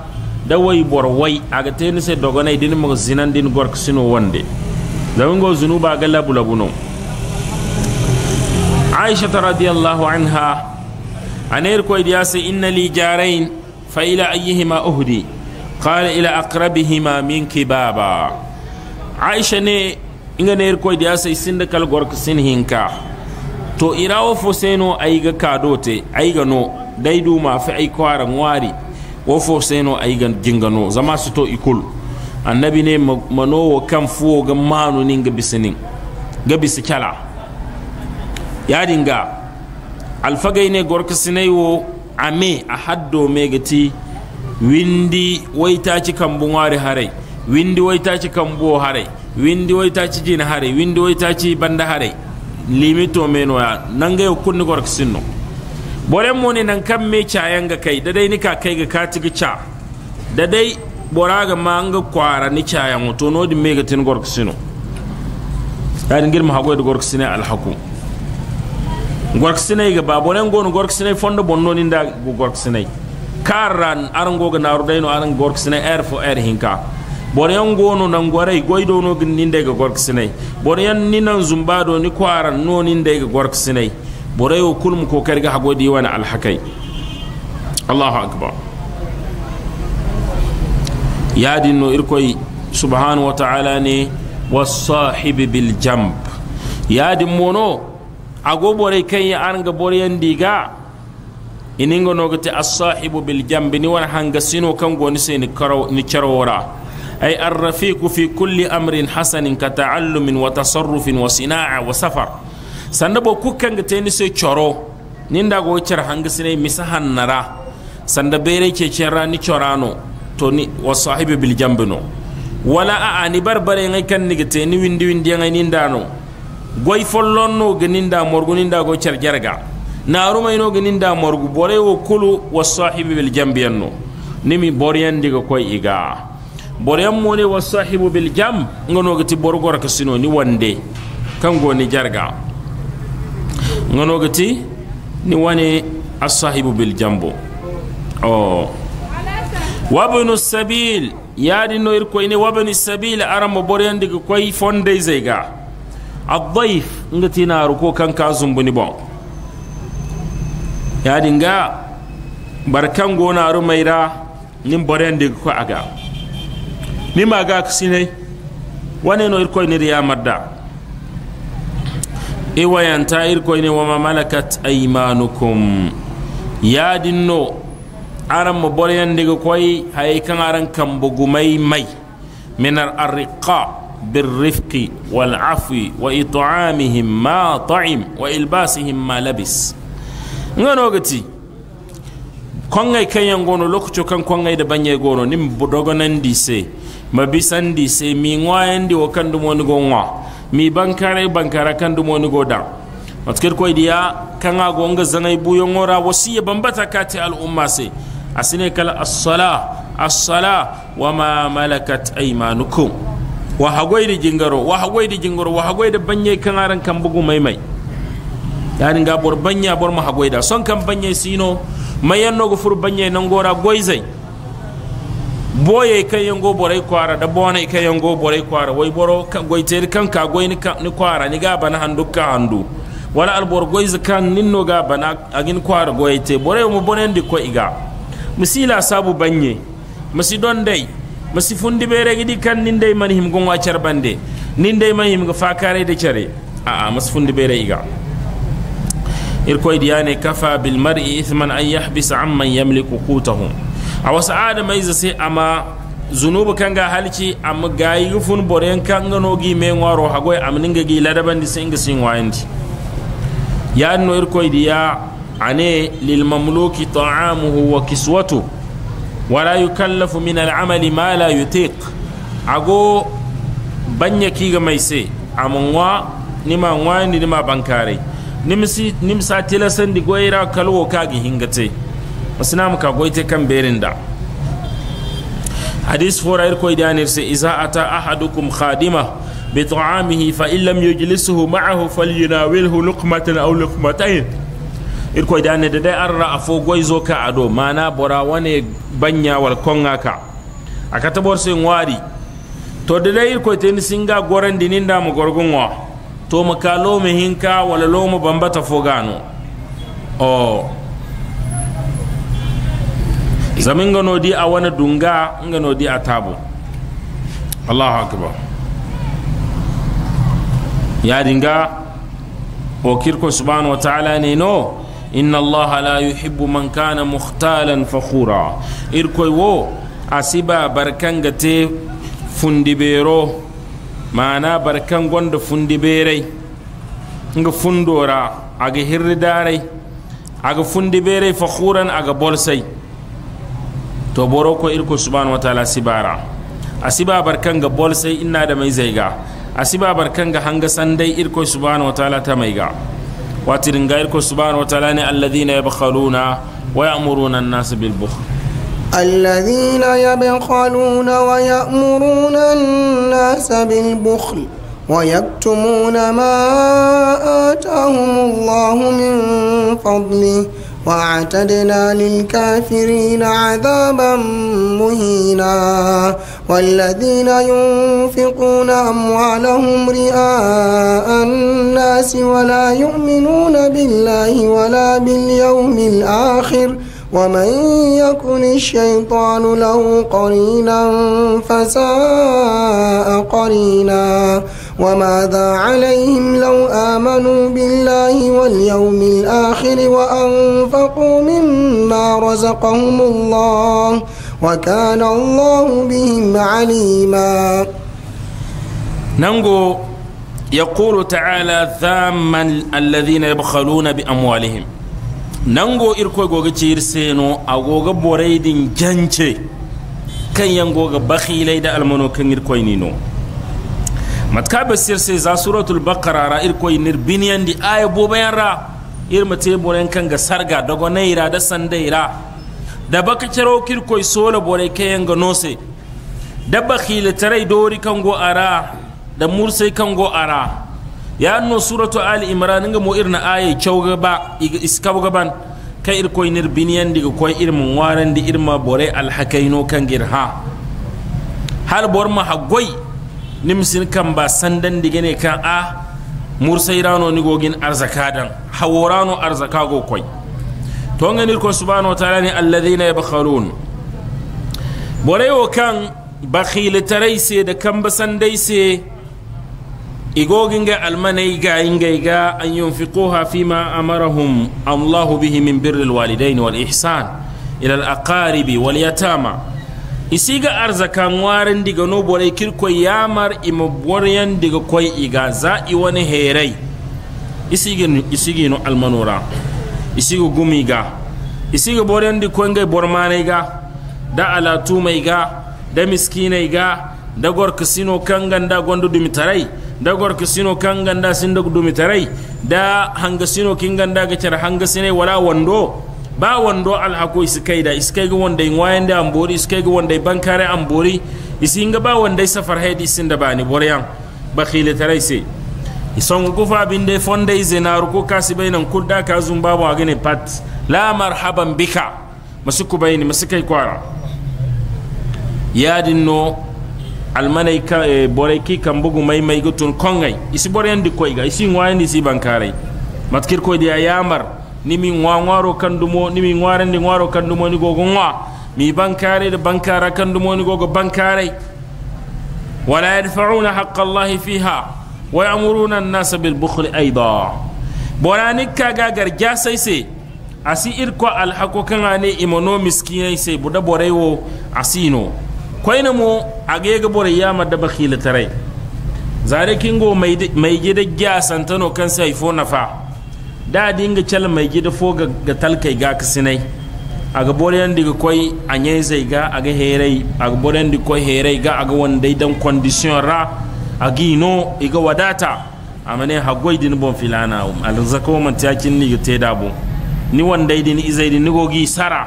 da wai borwai a ga te ni sai dogonai din mu zinan din gwarkasino wande da wingo zunuba ga labu labu no aisha radiyallahu anha anayr koy diya se inna li jarain fa ila ayyihima uhdi qala ila aqrabihima minki baba aisha ne inga nayr koy diya se sinda kal gorko sin hinka to irawo fo seno ayga kadote ayga no daidu ma fi ay kwara ngwari wo fo seno ayga jingano zama suto ikul annabi ne manowo kan fuwo ga manu ninga bisinin ga bisi kyala yadinga alfagai ne wo ame a haddo megati windi ci kambu wari harai windi ci kambu harai windi ci jina harai windi ci banda harai limito menoya yau gorka sinno boren moni nan kan me ga kai dadai ni ka kai ga katigi ca dadai bora ga ma nga kwara ni cayan wato nodi megatin gorkasino yadin girma hagoyi da sinai alhakum gorksinai ga babonen gonu gorksinai fondo bonnonin da gorksinai karan aran goga narudaino aran gorksinai air for air hinka boryan gonu nan gwarai goido no gindin da ga gorksinai boryan ninan do ni kwaran nonin da ga gorksinai borai kulm ko karga godi wani alhakai allahu akbar ya dinno irkoi subhanahu wa ta'ala ne wasahibi bil jamb yadin mono ago bore kan ya aranga bore yan diga iningo nogate as bil jambi ni wana hanga sino kan goni sai ni karo ni charora ay ar-rafiqu fi kulli amrin hasanin ka ta'allumin wa tasarrufin wa sina'a wa safar sanda bo kukkan ga tani sai choro da go char hanga sine misahan nara sanda bere ke chera ni chorano to ni wa sahibu bil jambi no wala a ani barbare ngai kan ni ga tani windi windi ngai ninda no goy follon no geninda morgu ninda go carjarga naruma ino geninda morgu bore wo kulu wasahibi bil jambi yanno nimi diga koy iga boriyan mone wasahibu bil jam ngonogati borgora ka sino ni wande kango ni jarga gati ni wane asahibu bil jambo oh. wabnu sabil yaadi no ir koyne wabnu sabil aramo boriyandiga koy fonde zeyga الضيف نتينا ركو كان كازم بني بون يا دينغا بركان غونا رميرا نيم بورين دي كو اغا نيم اغا كسيني واني نو يركو ني ريا مدا اي ايوا ينتا يركو ني وما ملكت ايمانكم يا دينو aran mo bolen yan diga koy hay kan aran kambo gumay may minar arriqa بالرفق والعفو وإطعامهم ما طعم وإلباسهم ما لبس نغنوغتي kongay kayan gono lokaco kan kongay da banye gono nin bodogonan di se mabisan di se mi ngwayan di wakan dum woni go ngwa mi bankare bankara kan dumo woni go da matkir koy diya kan ga gonga zangai buyo ngora wasiya bambata kati al umma se asine kala as-sala as-sala wa ma malakat aymanukum Wa wahagoyde jingaro wa wahagoyde jingaro wa wahagoyde banye kangaran kan bugu mai mai dan ga bor banya bor da son kan banye sino yanno go fur banye nangora goizai boye kan yango borai kwara da bona kan yango borai kwara wai boro kan goite kan ka goi ni ni kwara ni ga bana handu ka handu wala albor goiz kan ninno ga bana agin kwara goite borai mu bonen di ko iga misila sabu banye misidon dai masi fundi bere gidi kan nindai man him gon wacar bande nindai man him fa kare da cere a ah, a ah, masi fundi bere iga irkoy diyane kafa bil mar'i ithman an yahbis amman yamliku qutahum a wasu adamai sai amma zunubu kan ga halci amma gayi gufun boren kan ga nogi me ngwaro hagoi amnin ga gi ladaban di singa sin wayandi ya no irkoy diya ane lil mamluki ta'amuhu wa kiswatuhu wala yukallafu min al'amali ma la yutiq ago banya kiga mai se amunwa nima ni nima bankare nimsi nimsa tilasan di goyira kalwo kagi hingate musnam ka goite kan berinda hadis fora irko koy se iza ata ahadukum khadima bi ta'amihi fa illam yujlisuhu ma'ahu falyunawilhu luqmatan aw luqmatayn irko da ne da dai an fo goizo ka ado mana bora wane banya wal konga ka aka tabor sin wari to da dai irko te ni singa goran dinin da mu wa to mu ka lo mu hinka wala lo mu bambata fogano o zamin ga nodi a wani dunga in ga nodi a tabo Allahu akbar ya dinga wakirko subhanahu wa ta'ala ne no inna allaha la yuhibbu man kana mukhtalan fakhura irkoy wo asiba barkanga te fundibero mana barkan gonda fundiberai nga fundora aga hirridarai aga fundiberai fakhuran aga bolsai to boro ko irko subhanahu wataala sibara asiba barkanga bolsai inna da mai zaiga asiba barkanga hanga sandai irko subhanahu wataala ta maiga watirin gair ko subhanahu wa ta'ala ne alladhina yabkhaluna wa ya'muruna an-nas bil bukhl
الذين يبخلون ويأمرون الناس بالبخل ويكتمون ما آتاهم الله من فضله وأعتدنا للكافرين عذابا مهينا والذين ينفقون أموالهم رئاء الناس ولا يؤمنون بالله ولا باليوم الآخر ومن يكن الشيطان له قرينا فساء قرينا وماذا عليهم لو آمنوا بالله واليوم الآخر وأنفقوا مما رزقهم الله وكان الله بهم عليما
ننقو يقول تعالى ثاما الذين يبخلون بأموالهم ننقو إركو غوغتير سينو أغوغ بوريدين جنشي كان yango ga bakhilai da كان kan matka basir sai za suratul bakara ra irko koy nir biniyan di aya bo ra ir mate boren kan ga sarga dago naira da sandaira da baka kiro kirko koy sola bore kayan ga nose da bakhila tarai dori kan go ara da mursai kan go ara ya no suratu ali imran ga mo irna aya ga ba ga gaban kai ir koy nir biniyan diga koy irmin waran di irma bore alhakaino kan girha hal bor ma hagoi nimsin kan ba sandan digene kan a mursayrano nigogin arzaka dan haworano arzaka go koy to ganir ko subhanahu wa ta'ala ni alladhina yabkhalun borewo kan bakhil taraise da kan basandai se igogin ga almanai ga ingai ga an yunfiquha fima amarahum Allah bihi min birril walidain wal ihsan ila al aqaribi wal yatama isiga arzakan warin diga no borai kirko yamar ima boryan diga kwai iga za i wani herai isiga isiga no almanora isiga gumiga isiga boryan di kongai bormane ga da alatu mai ga da miskinai ga da gorkasino kangan da gondo dumitarai da gorkasino kangan da sinda dumitarai da sino kin ganda gacar sine wala wando ba wando alhako isikaida isikaiga ambori ŋwayande an ga wanda yin bankare isi yin isinga ba wonday safar ba ni bani ba khili tarai se isongo ku fa binde fonday ruku ko bai nan kudda ka a agane pat la marhaban bika masiku masu kai kwara yadin no almanai ka e, borai ki kan bugu mai mai gutun kongai isi borai ndi ga isi ŋwayandi isi bankarai matkir koy de a yamar ni mi ŋwa ŋwaro kandumo ni mi ŋwarandi ŋwaro kandumo ni gogo ŋwa mi bankare de bankara kandumo ni gogo bankare wala yadfauna haqa allahi fiha wa yamuruna annasa bukhli aida borani kaga gar saise asi irko alhako kaŋane imono miskinai se buda borai wo asino koyna mo agega borai madda daba tare zare kingo maigida gya santano kansa ifo nafa da dinga cal mai gida fo ga, talkai ga kasinai aga boren diga koy anyai zai ga ga herai aga boren diga koy herai ga ga wandai dan condition ra gino i iga wadata amane hagwai din bon filana um alzako man takin ni te dabo ni wandai din izai din gogi sara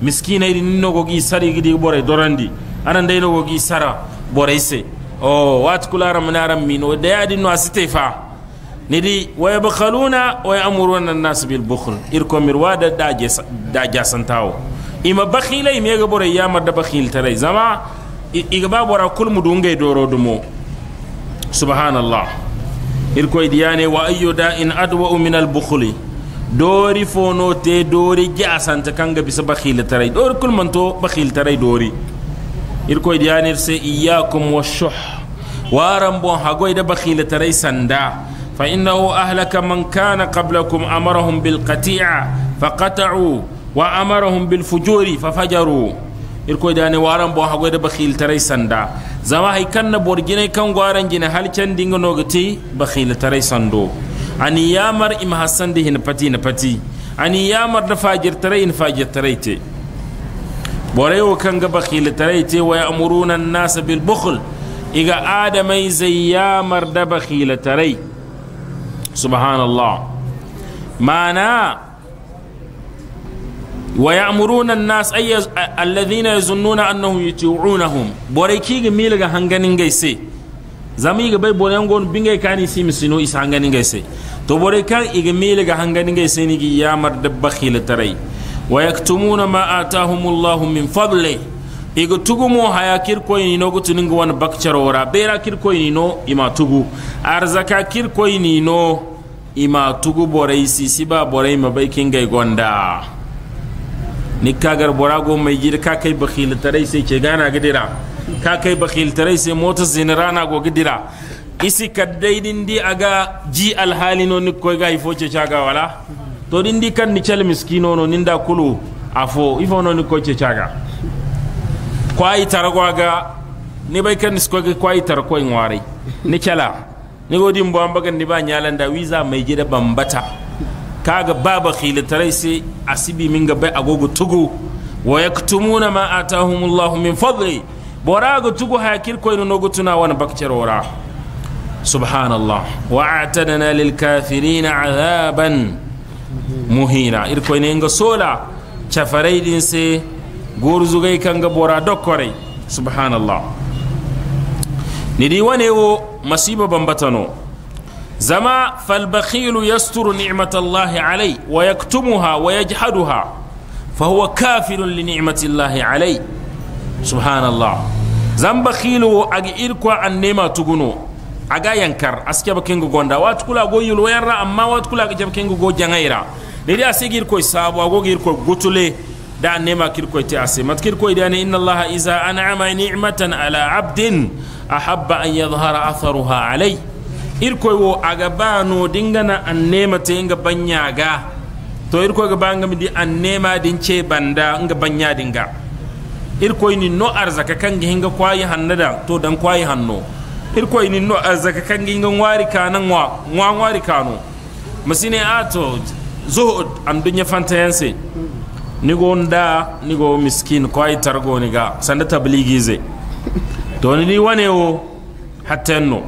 miskina din no gogi sari gidi bore dorandi anan dai no gogi sara bore se o oh, wat kula ram mino da yadin no asite fa nidi wayabkhaluna wa ya'muruna an-nas bil bukhl irko mirwada daje daja santawo ima bakhilai me ga bore ya madda bakhil tare zama iga ba bora kul mudunge doro dumo subhanallah irko idiyane wa ayyu da'in adwa min al-bukhli dori fono te dori jasanta kanga bisa bakhil tare dori kul manto bakhil tare dori irko idiyane se iyyakum washuh waran bon hagoy da bakhil tare sanda فإنه أهلك من كان قبلكم أمرهم بالقطيعة فقطعوا وأمرهم بالفجور ففجروا irko da ne waran bo hago da bakhil tarai sanda zama hay kan na borgine kan gwaran gina halcen dinga nogati bakhil tarai sando ani yamar im hasan da hin pati na pati ani yamar da fajir tarai in fajir tarai te borewo kan ga bakhil tarai te wa ya'muruna an-nas bil iga adamai zayyamar da tarai subhanallah ma'ana wa ya'muruna an-nas alladhina yazunnuna annahum yuti'unahum bore kiga milga hanganin gaise zami ga bai bore ngon bingai kani si misino is hanganin gaise to bore kan iga milga hanganin gaise ni gi yamar da bakhil tarai wa yaktumuna ma atahumullahu min fadlihi iga tugu mo haya kirkoyinino gutuninga wan bakcarora bera kirkoyinino ima tugu arzaka kirkoyinino ima tugu borey sisiba borey mabay kingay gonda ni kagar bora go mai gida ka kai bakhil tarai sai ke gana gidira ka kai bakhil tarai sai mota zinirana go gidira isi kaddai din di aga ji alhali no ni koy ga ifo ce chaga wala to din di kan ni chal miskino no ninda kulu afo ifo no ni koy ce chaga kwayi taragwa ga ni bai kan nisko ga kwayi tarko ware ni kyala ni godi mbo an bagan ni ba nyalan da wiza mai gida bambata kaga baba khilitarai sai asibi min ga agogo tugu wa yaktumuna ma atahumullahu min fadli bora go tugu hakir ko ino nogo tuna wani bakcer wara subhanallah wa a'tadna lil kafirin azaban muhina irko ne ga sola chafarai din sai kan ga bora dokkoray subhanallah nidi wanewo masiba bambatano zama fal falbakhilu yasturu nicmat allahi alay wa yaktumuha wa yajhaduha fahuwa kafirun linicmati llahi alay subhanallah zan bakhilu aga irkwa an nema tuguno aga yankar askeba kengo gonda watukula go yulwayarra amma watukula aga jaba kengo go jangayra sabu asigirkoy saabu agogirkoy gutule da an nema kirkoi ta ase mat kirkoi da ne inna allah iza an'ama ni'matan ala abdin ahabba an yadhhara atharuha alai irkoi wo aga bano dingana an nema te inga banyaga to irkoi ga banga mi di an nema din ce banda inga banya dinga irkoi ni no arzaka kan hinga kwayi hannada to dan kwayi hanno irkoi ni no arzaka kan hinga wari kanan wa ngwa wari kano masine ato zuhud am dunya fantayanse nigo nda nigo miskin ko ay targo ni ga sanda tabligi ze to ni wane wo hatenno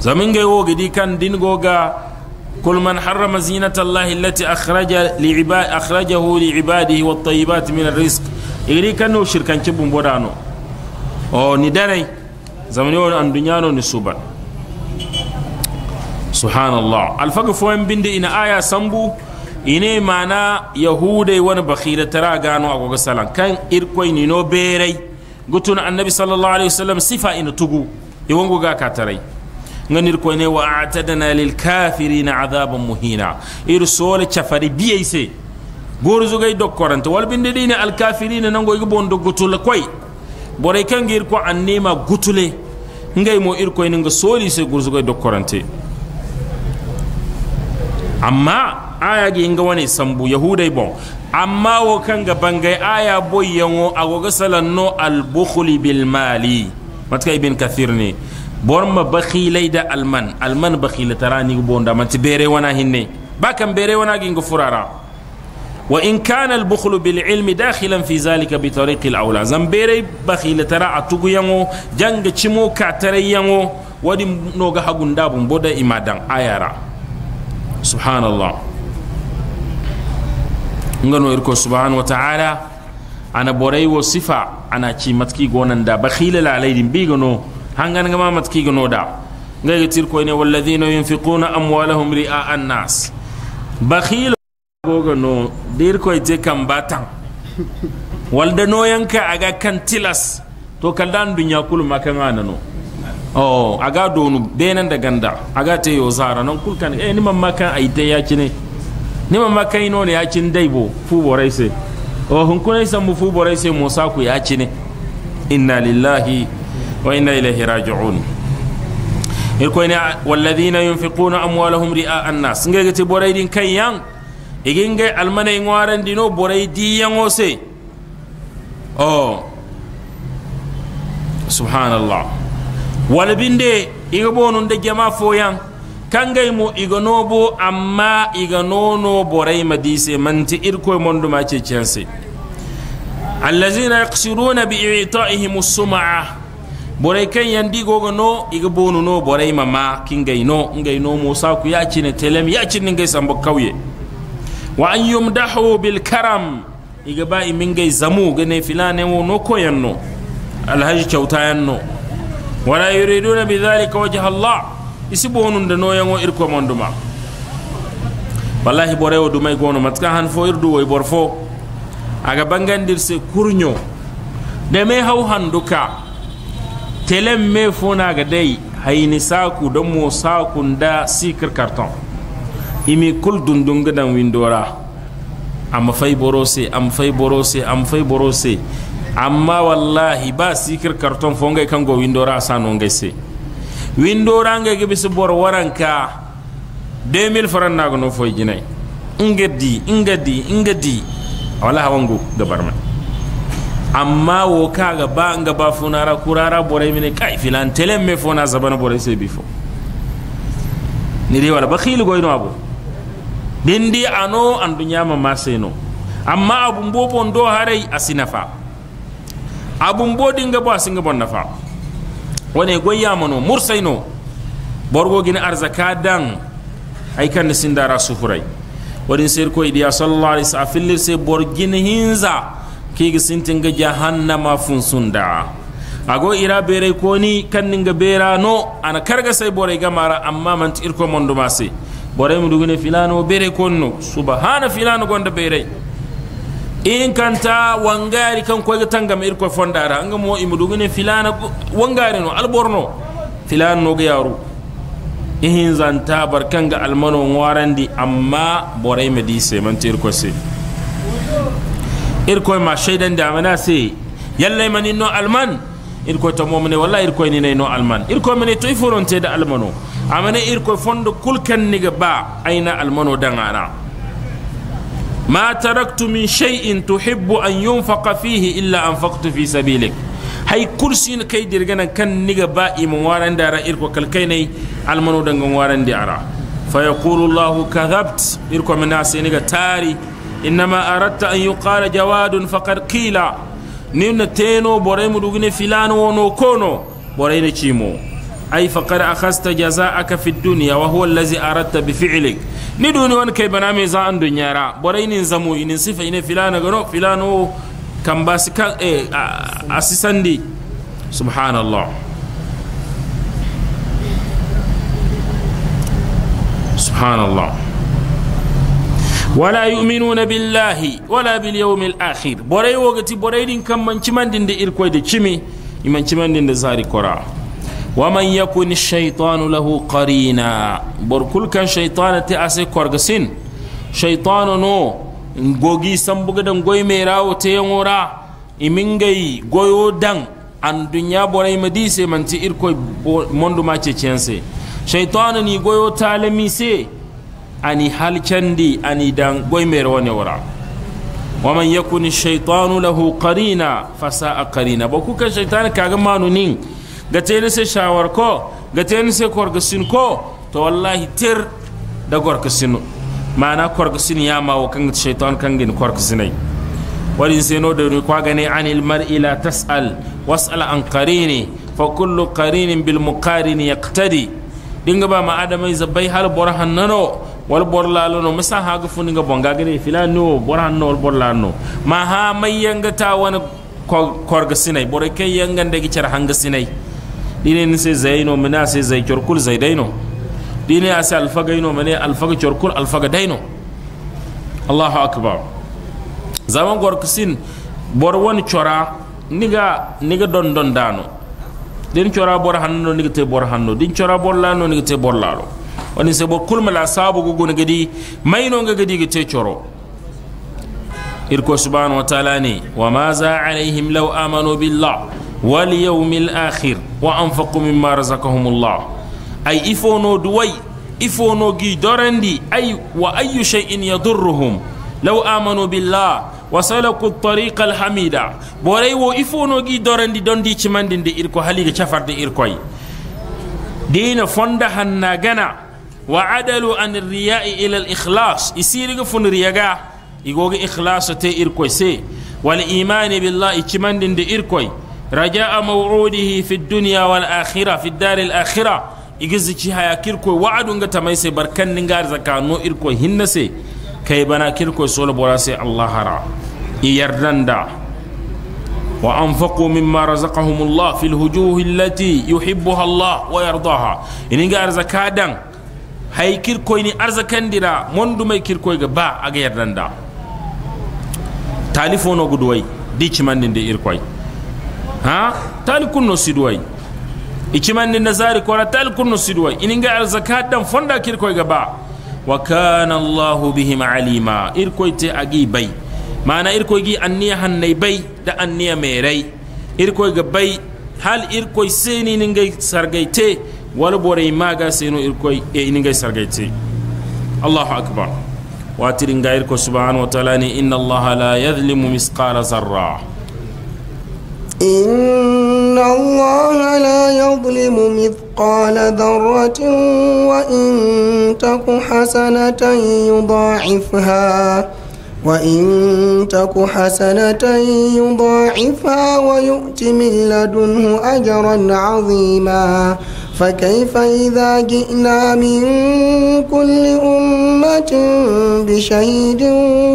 zaminge wo gidi kan din go ga kul man harrama zinata allahi allati akhraja li ibad akhrajahu li ibadihi wat tayyibat min arrizq igri kan no shirkan ci bumbo dano o ni dare zamani wo an dunyano ni suban subhanallah alfaga fo en binde ina aya sambu ine mana yahudai wani bakhira tara gano agogo salan kan irkoi ni no berai gutun annabi sallallahu alaihi wasallam sifa ina tugu iwango ga katarai ngani irkoi ne wa atadana lil kafirina azaban muhina ir sole chafari biyai se goru zugai dokkoranta wal binde dine al kafirina nango igi bondo gutul koi borai kan gir ko annema gutule ngai mo irkoi ninga soli se goru zugai dokkorante amma aya gi hinga wani sambu yahudai bon amma wo kanga bangai aya boy yango agoga salanno al bukhli bil mali matka ibn kathir ne ma bakhilai da alman alman bakhila tarani bonda manti bere wana hinne bakan bere wana ginga furara wa in kana al bukhlu bil ilmi dakhilan fi zalika bi tariq al aula zambere bakhila tara atugu yango janga chimo ka tare yango wadi noga hagunda bun boda imadan ayara subhanallah ngano irko subhanahu wa ta'ala ana borai wo sifa ana ci matki gonan da bakhila la alaydin bi gano hangan ngama matki gano da ngai tir ko ne walladhina yunfiquna amwalahum ri'a an-nas bakhil gano dir ko e je kan batan walda no yanka aga kan tilas to kaldan dunya kul makan anano oh aga donu denan da ganda aga te yo zara non kulkan e eh, ni mamma kan ya kine. nima makai no ne ya cin bo fu borai se o hun kunai san mu fu borai se musa ku ya cine inna lillahi wa inna ilaihi raji'un ko ne ladina yunfiquna amwalahum ri'a an-nas ngai gati borai din kan yan igin gai almana waran dino borai di yan se o subhanallah walbinde igbonun da jama yan. mu mo iganobo amma iganono borai madise manti irko mondu ma ce cense allazina yaqsiruna bi i'ta'ihim as-sum'a borai kan yandi gogo no iga bonu no borai mama kingay no ngai no musa ku ya cine telem ya cine ngai sambo kawye wa an yumdahu bil karam iga ba imingay zamu gane filane wo no koyanno alhaji kyauta yanno wala yuriduna bi dhalika wajha allah isi de no yango ir commandement wallahi borewo dumay gono matka han fo irdu woy bor fo aga bangandir se kurnyo da me haw handuka telem me na ga dai hayni saku don mo saku nda sikr karton imi kul dundun gidan windora amma fay borose amma fay borose amma fay borose amma wallahi ba carton karton ngay kango windora ngay gaise windorange ge bisi bor waranka 2000 faran nago no foy jinay inga di inga di inga di wala hawangu gabarma amma wo kaga ba nga ba funara kurara bore mine kai filan telen me fona zabana bore se bifo ni dai wala bakhil goyno abu dindi ano andu dunya ma maseno amma abu bobon do harai asinafa abu mbodi nga ba singa bon nafa wone goyyamano mursayno borgo gina arzaka dan ay kan sindara sufuray wadin sir ko idiya sallallahu alaihi wasallam fillir se borgin hinza sin tinga jahannama fun sunda ago ira bere koni kanninga bera no ana karga sai borai gamara amma man tirko mondo masi bore mu dugune filano bere konno subhana filano gonda bere in kanta wangari kan koyga tangam ir koy fondara anga mo imudugune filana wangari no alborno filana no gayaru ihin zanta ga almano warandi amma borai medise man tir ko se ir ma shaydan da amana se yalla man inno alman ir koy to momne walla ir koy ni no alman ir koy mene to iforonte da almano amina ir koy fondo kulkan niga ba aina almano dangana ma taraktu min shay'in tuhibbu an yunfaqa fihi illa anfaqtu fi sabilik hay kursin kai dirgana kan niga ba iman waran dara irko kalkai ne almano dangan waran dara fa yaqulu allah kadhabt irko mina sai niga tari innama aradta an yuqala jawadun faqad qila ninna teno boray mudugine filano wono kono boray ne cimo ai faqad akhasta jazaa'aka fid dunya wa huwa allazi aradta bi fi'lik ni duni wani kai bana mai za an dunyara borai nin zamu inin sifa ine filana gano filano kan ba su kan eh asisandi subhanallah subhanallah wala yu'minuna billahi wala bil yawmil akhir borai wogati borai din kan manci mandin da irkoi da cimi imanci mandin da zari kora waman yakun shaytanu lahu qarina bor kulkan shaytana ti ase korgasin shaytanu no gogi sambuga dan goy merawo te yangora imingai goyo dan an dunya borai madise manti irko mondu ma cece shaytanu ni goyo talami se ani halcandi ani dan goy merawo ne wora waman yakun shaytanu lahu qarina fasa'a qarina bokukan ka kaga manunin ga teni se shawar ko ga teni se korgasin ko to wallahi tir da gorgasinu mana korgasin ya ma wa kanga shaitan kangin ai wani sai no da ni kwa gane anil mar'i la tas'al was'al an qarini fa kullu qarinin bil muqarini yaqtadi dinga ba ma adamai zabai hal bor nano wal bor lalono musa ha ga funinga bonga gane filani no bor no wal bor ma ha mai yanga ta wani korgasinai borai kai yanga da gicar hanga sinai dine ni se no mina se zai kyorkul zai daino dine ase alfaga ino mene alfaga kyorkul alfaga daino allahu akbar zaman gorkusin bor wani chora niga niga don don dano din chora bor hanno niga te bor hanno din chora bor lano niga te bor lalo wani se bor kulma la sabu gugu niga di maino niga di ga te choro irko subhanahu wa ta'ala ni wa ma za alaihim law amanu billah واليوم الآخر وأنفقوا مما رزقهم الله أي إفونو دوي إفونو جي دورندي أي وأي شيء يضرهم لو آمنوا بالله وسلكوا الطريق الحميدة بوري و إفونو جي دورندي دوندي تشماندين دي إركو هليغ شفر دي إركوي دين فندها الناغنا وعدلوا عن الرياء إلى الإخلاص يسيرغ فن رياغا يغوغ إخلاص تي إركوي سي والإيمان بالله تشماندين دي إركوي raja a maɗuli fi duniya wa akhira fi daril akhira ɗin ci haƙa kirikoyi ko wacce ɗan katakarmu baka kaɗan karɓa ɗan kaɗan ko irki bai ta hana kirikoyi sun bula da saurayi allah. i yarda wa an faɗi ko min mara zaƙa humala fi luhurri hollati yu buhi allah o yarda wa ha in ga arzikin da hai kirikoyi in i arzikin da mun dauma ba ake yarda da. ta lifo ko ku da irkwayen. ha tali kunno sidwai ikimanni nazari kora tali kunno sidwai ininga zakat dan fonda kirkoy gaba wa kana allah bihim alima irkoy te agi bai mana irkoy gi anniya hannai bai da anniya merai ir ga gabay hal irkoy seni ninga sargaite wala boray maga seno irkoy e ninga sargaite allahu akbar ir irko subhanahu wa ta'ala ni inna allah la yadhlimu misqala zarra
إن الله لا يظلم مثقال ذرة وإن تك حسنة يضاعفها وإن تك حسنة يضاعفها ويؤت من لدنه أجرا عظيما فكيف إذا جئنا من كل أمة بشهيد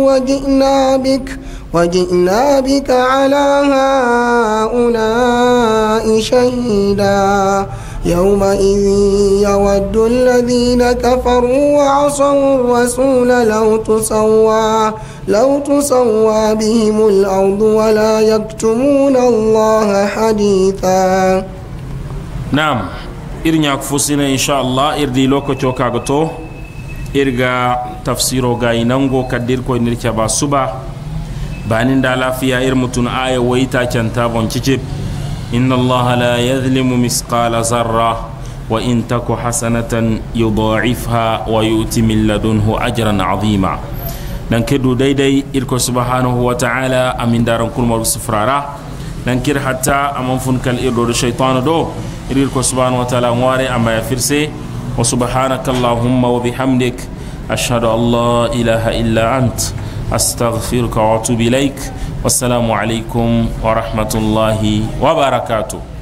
وجئنا بك وجئنا بك على هؤلاء شهيدا يومئذ يود الذين كفروا وعصوا الرسول لو تسوى لو تسوى بهم الأرض ولا يكتمون الله حديثا
نعم إرنا كفوسنا إن شاء الله إردي لوكو توكاغتو إرغا تفسيرو غاينانغو كدير كوينيركا با banin da lafiya ir mutun aya wai ta canta bon cice inna allah la yadhlimu misqala zarra wa in taku hasanatan yudha'ifha wa yu'ti min ladunhu ajran 'azima dan kedu daidai irko subhanahu wa ta'ala amin daran kulmar sufrara dan kir hatta amon fun kal irdo do shaytan do irko subhanahu wa ta'ala ngware amma ya firse wa subhanakallahumma wa bihamdik ashhadu an la ilaha illa anta أستغفرك وأتوب إليك والسلام عليكم ورحمة الله وبركاته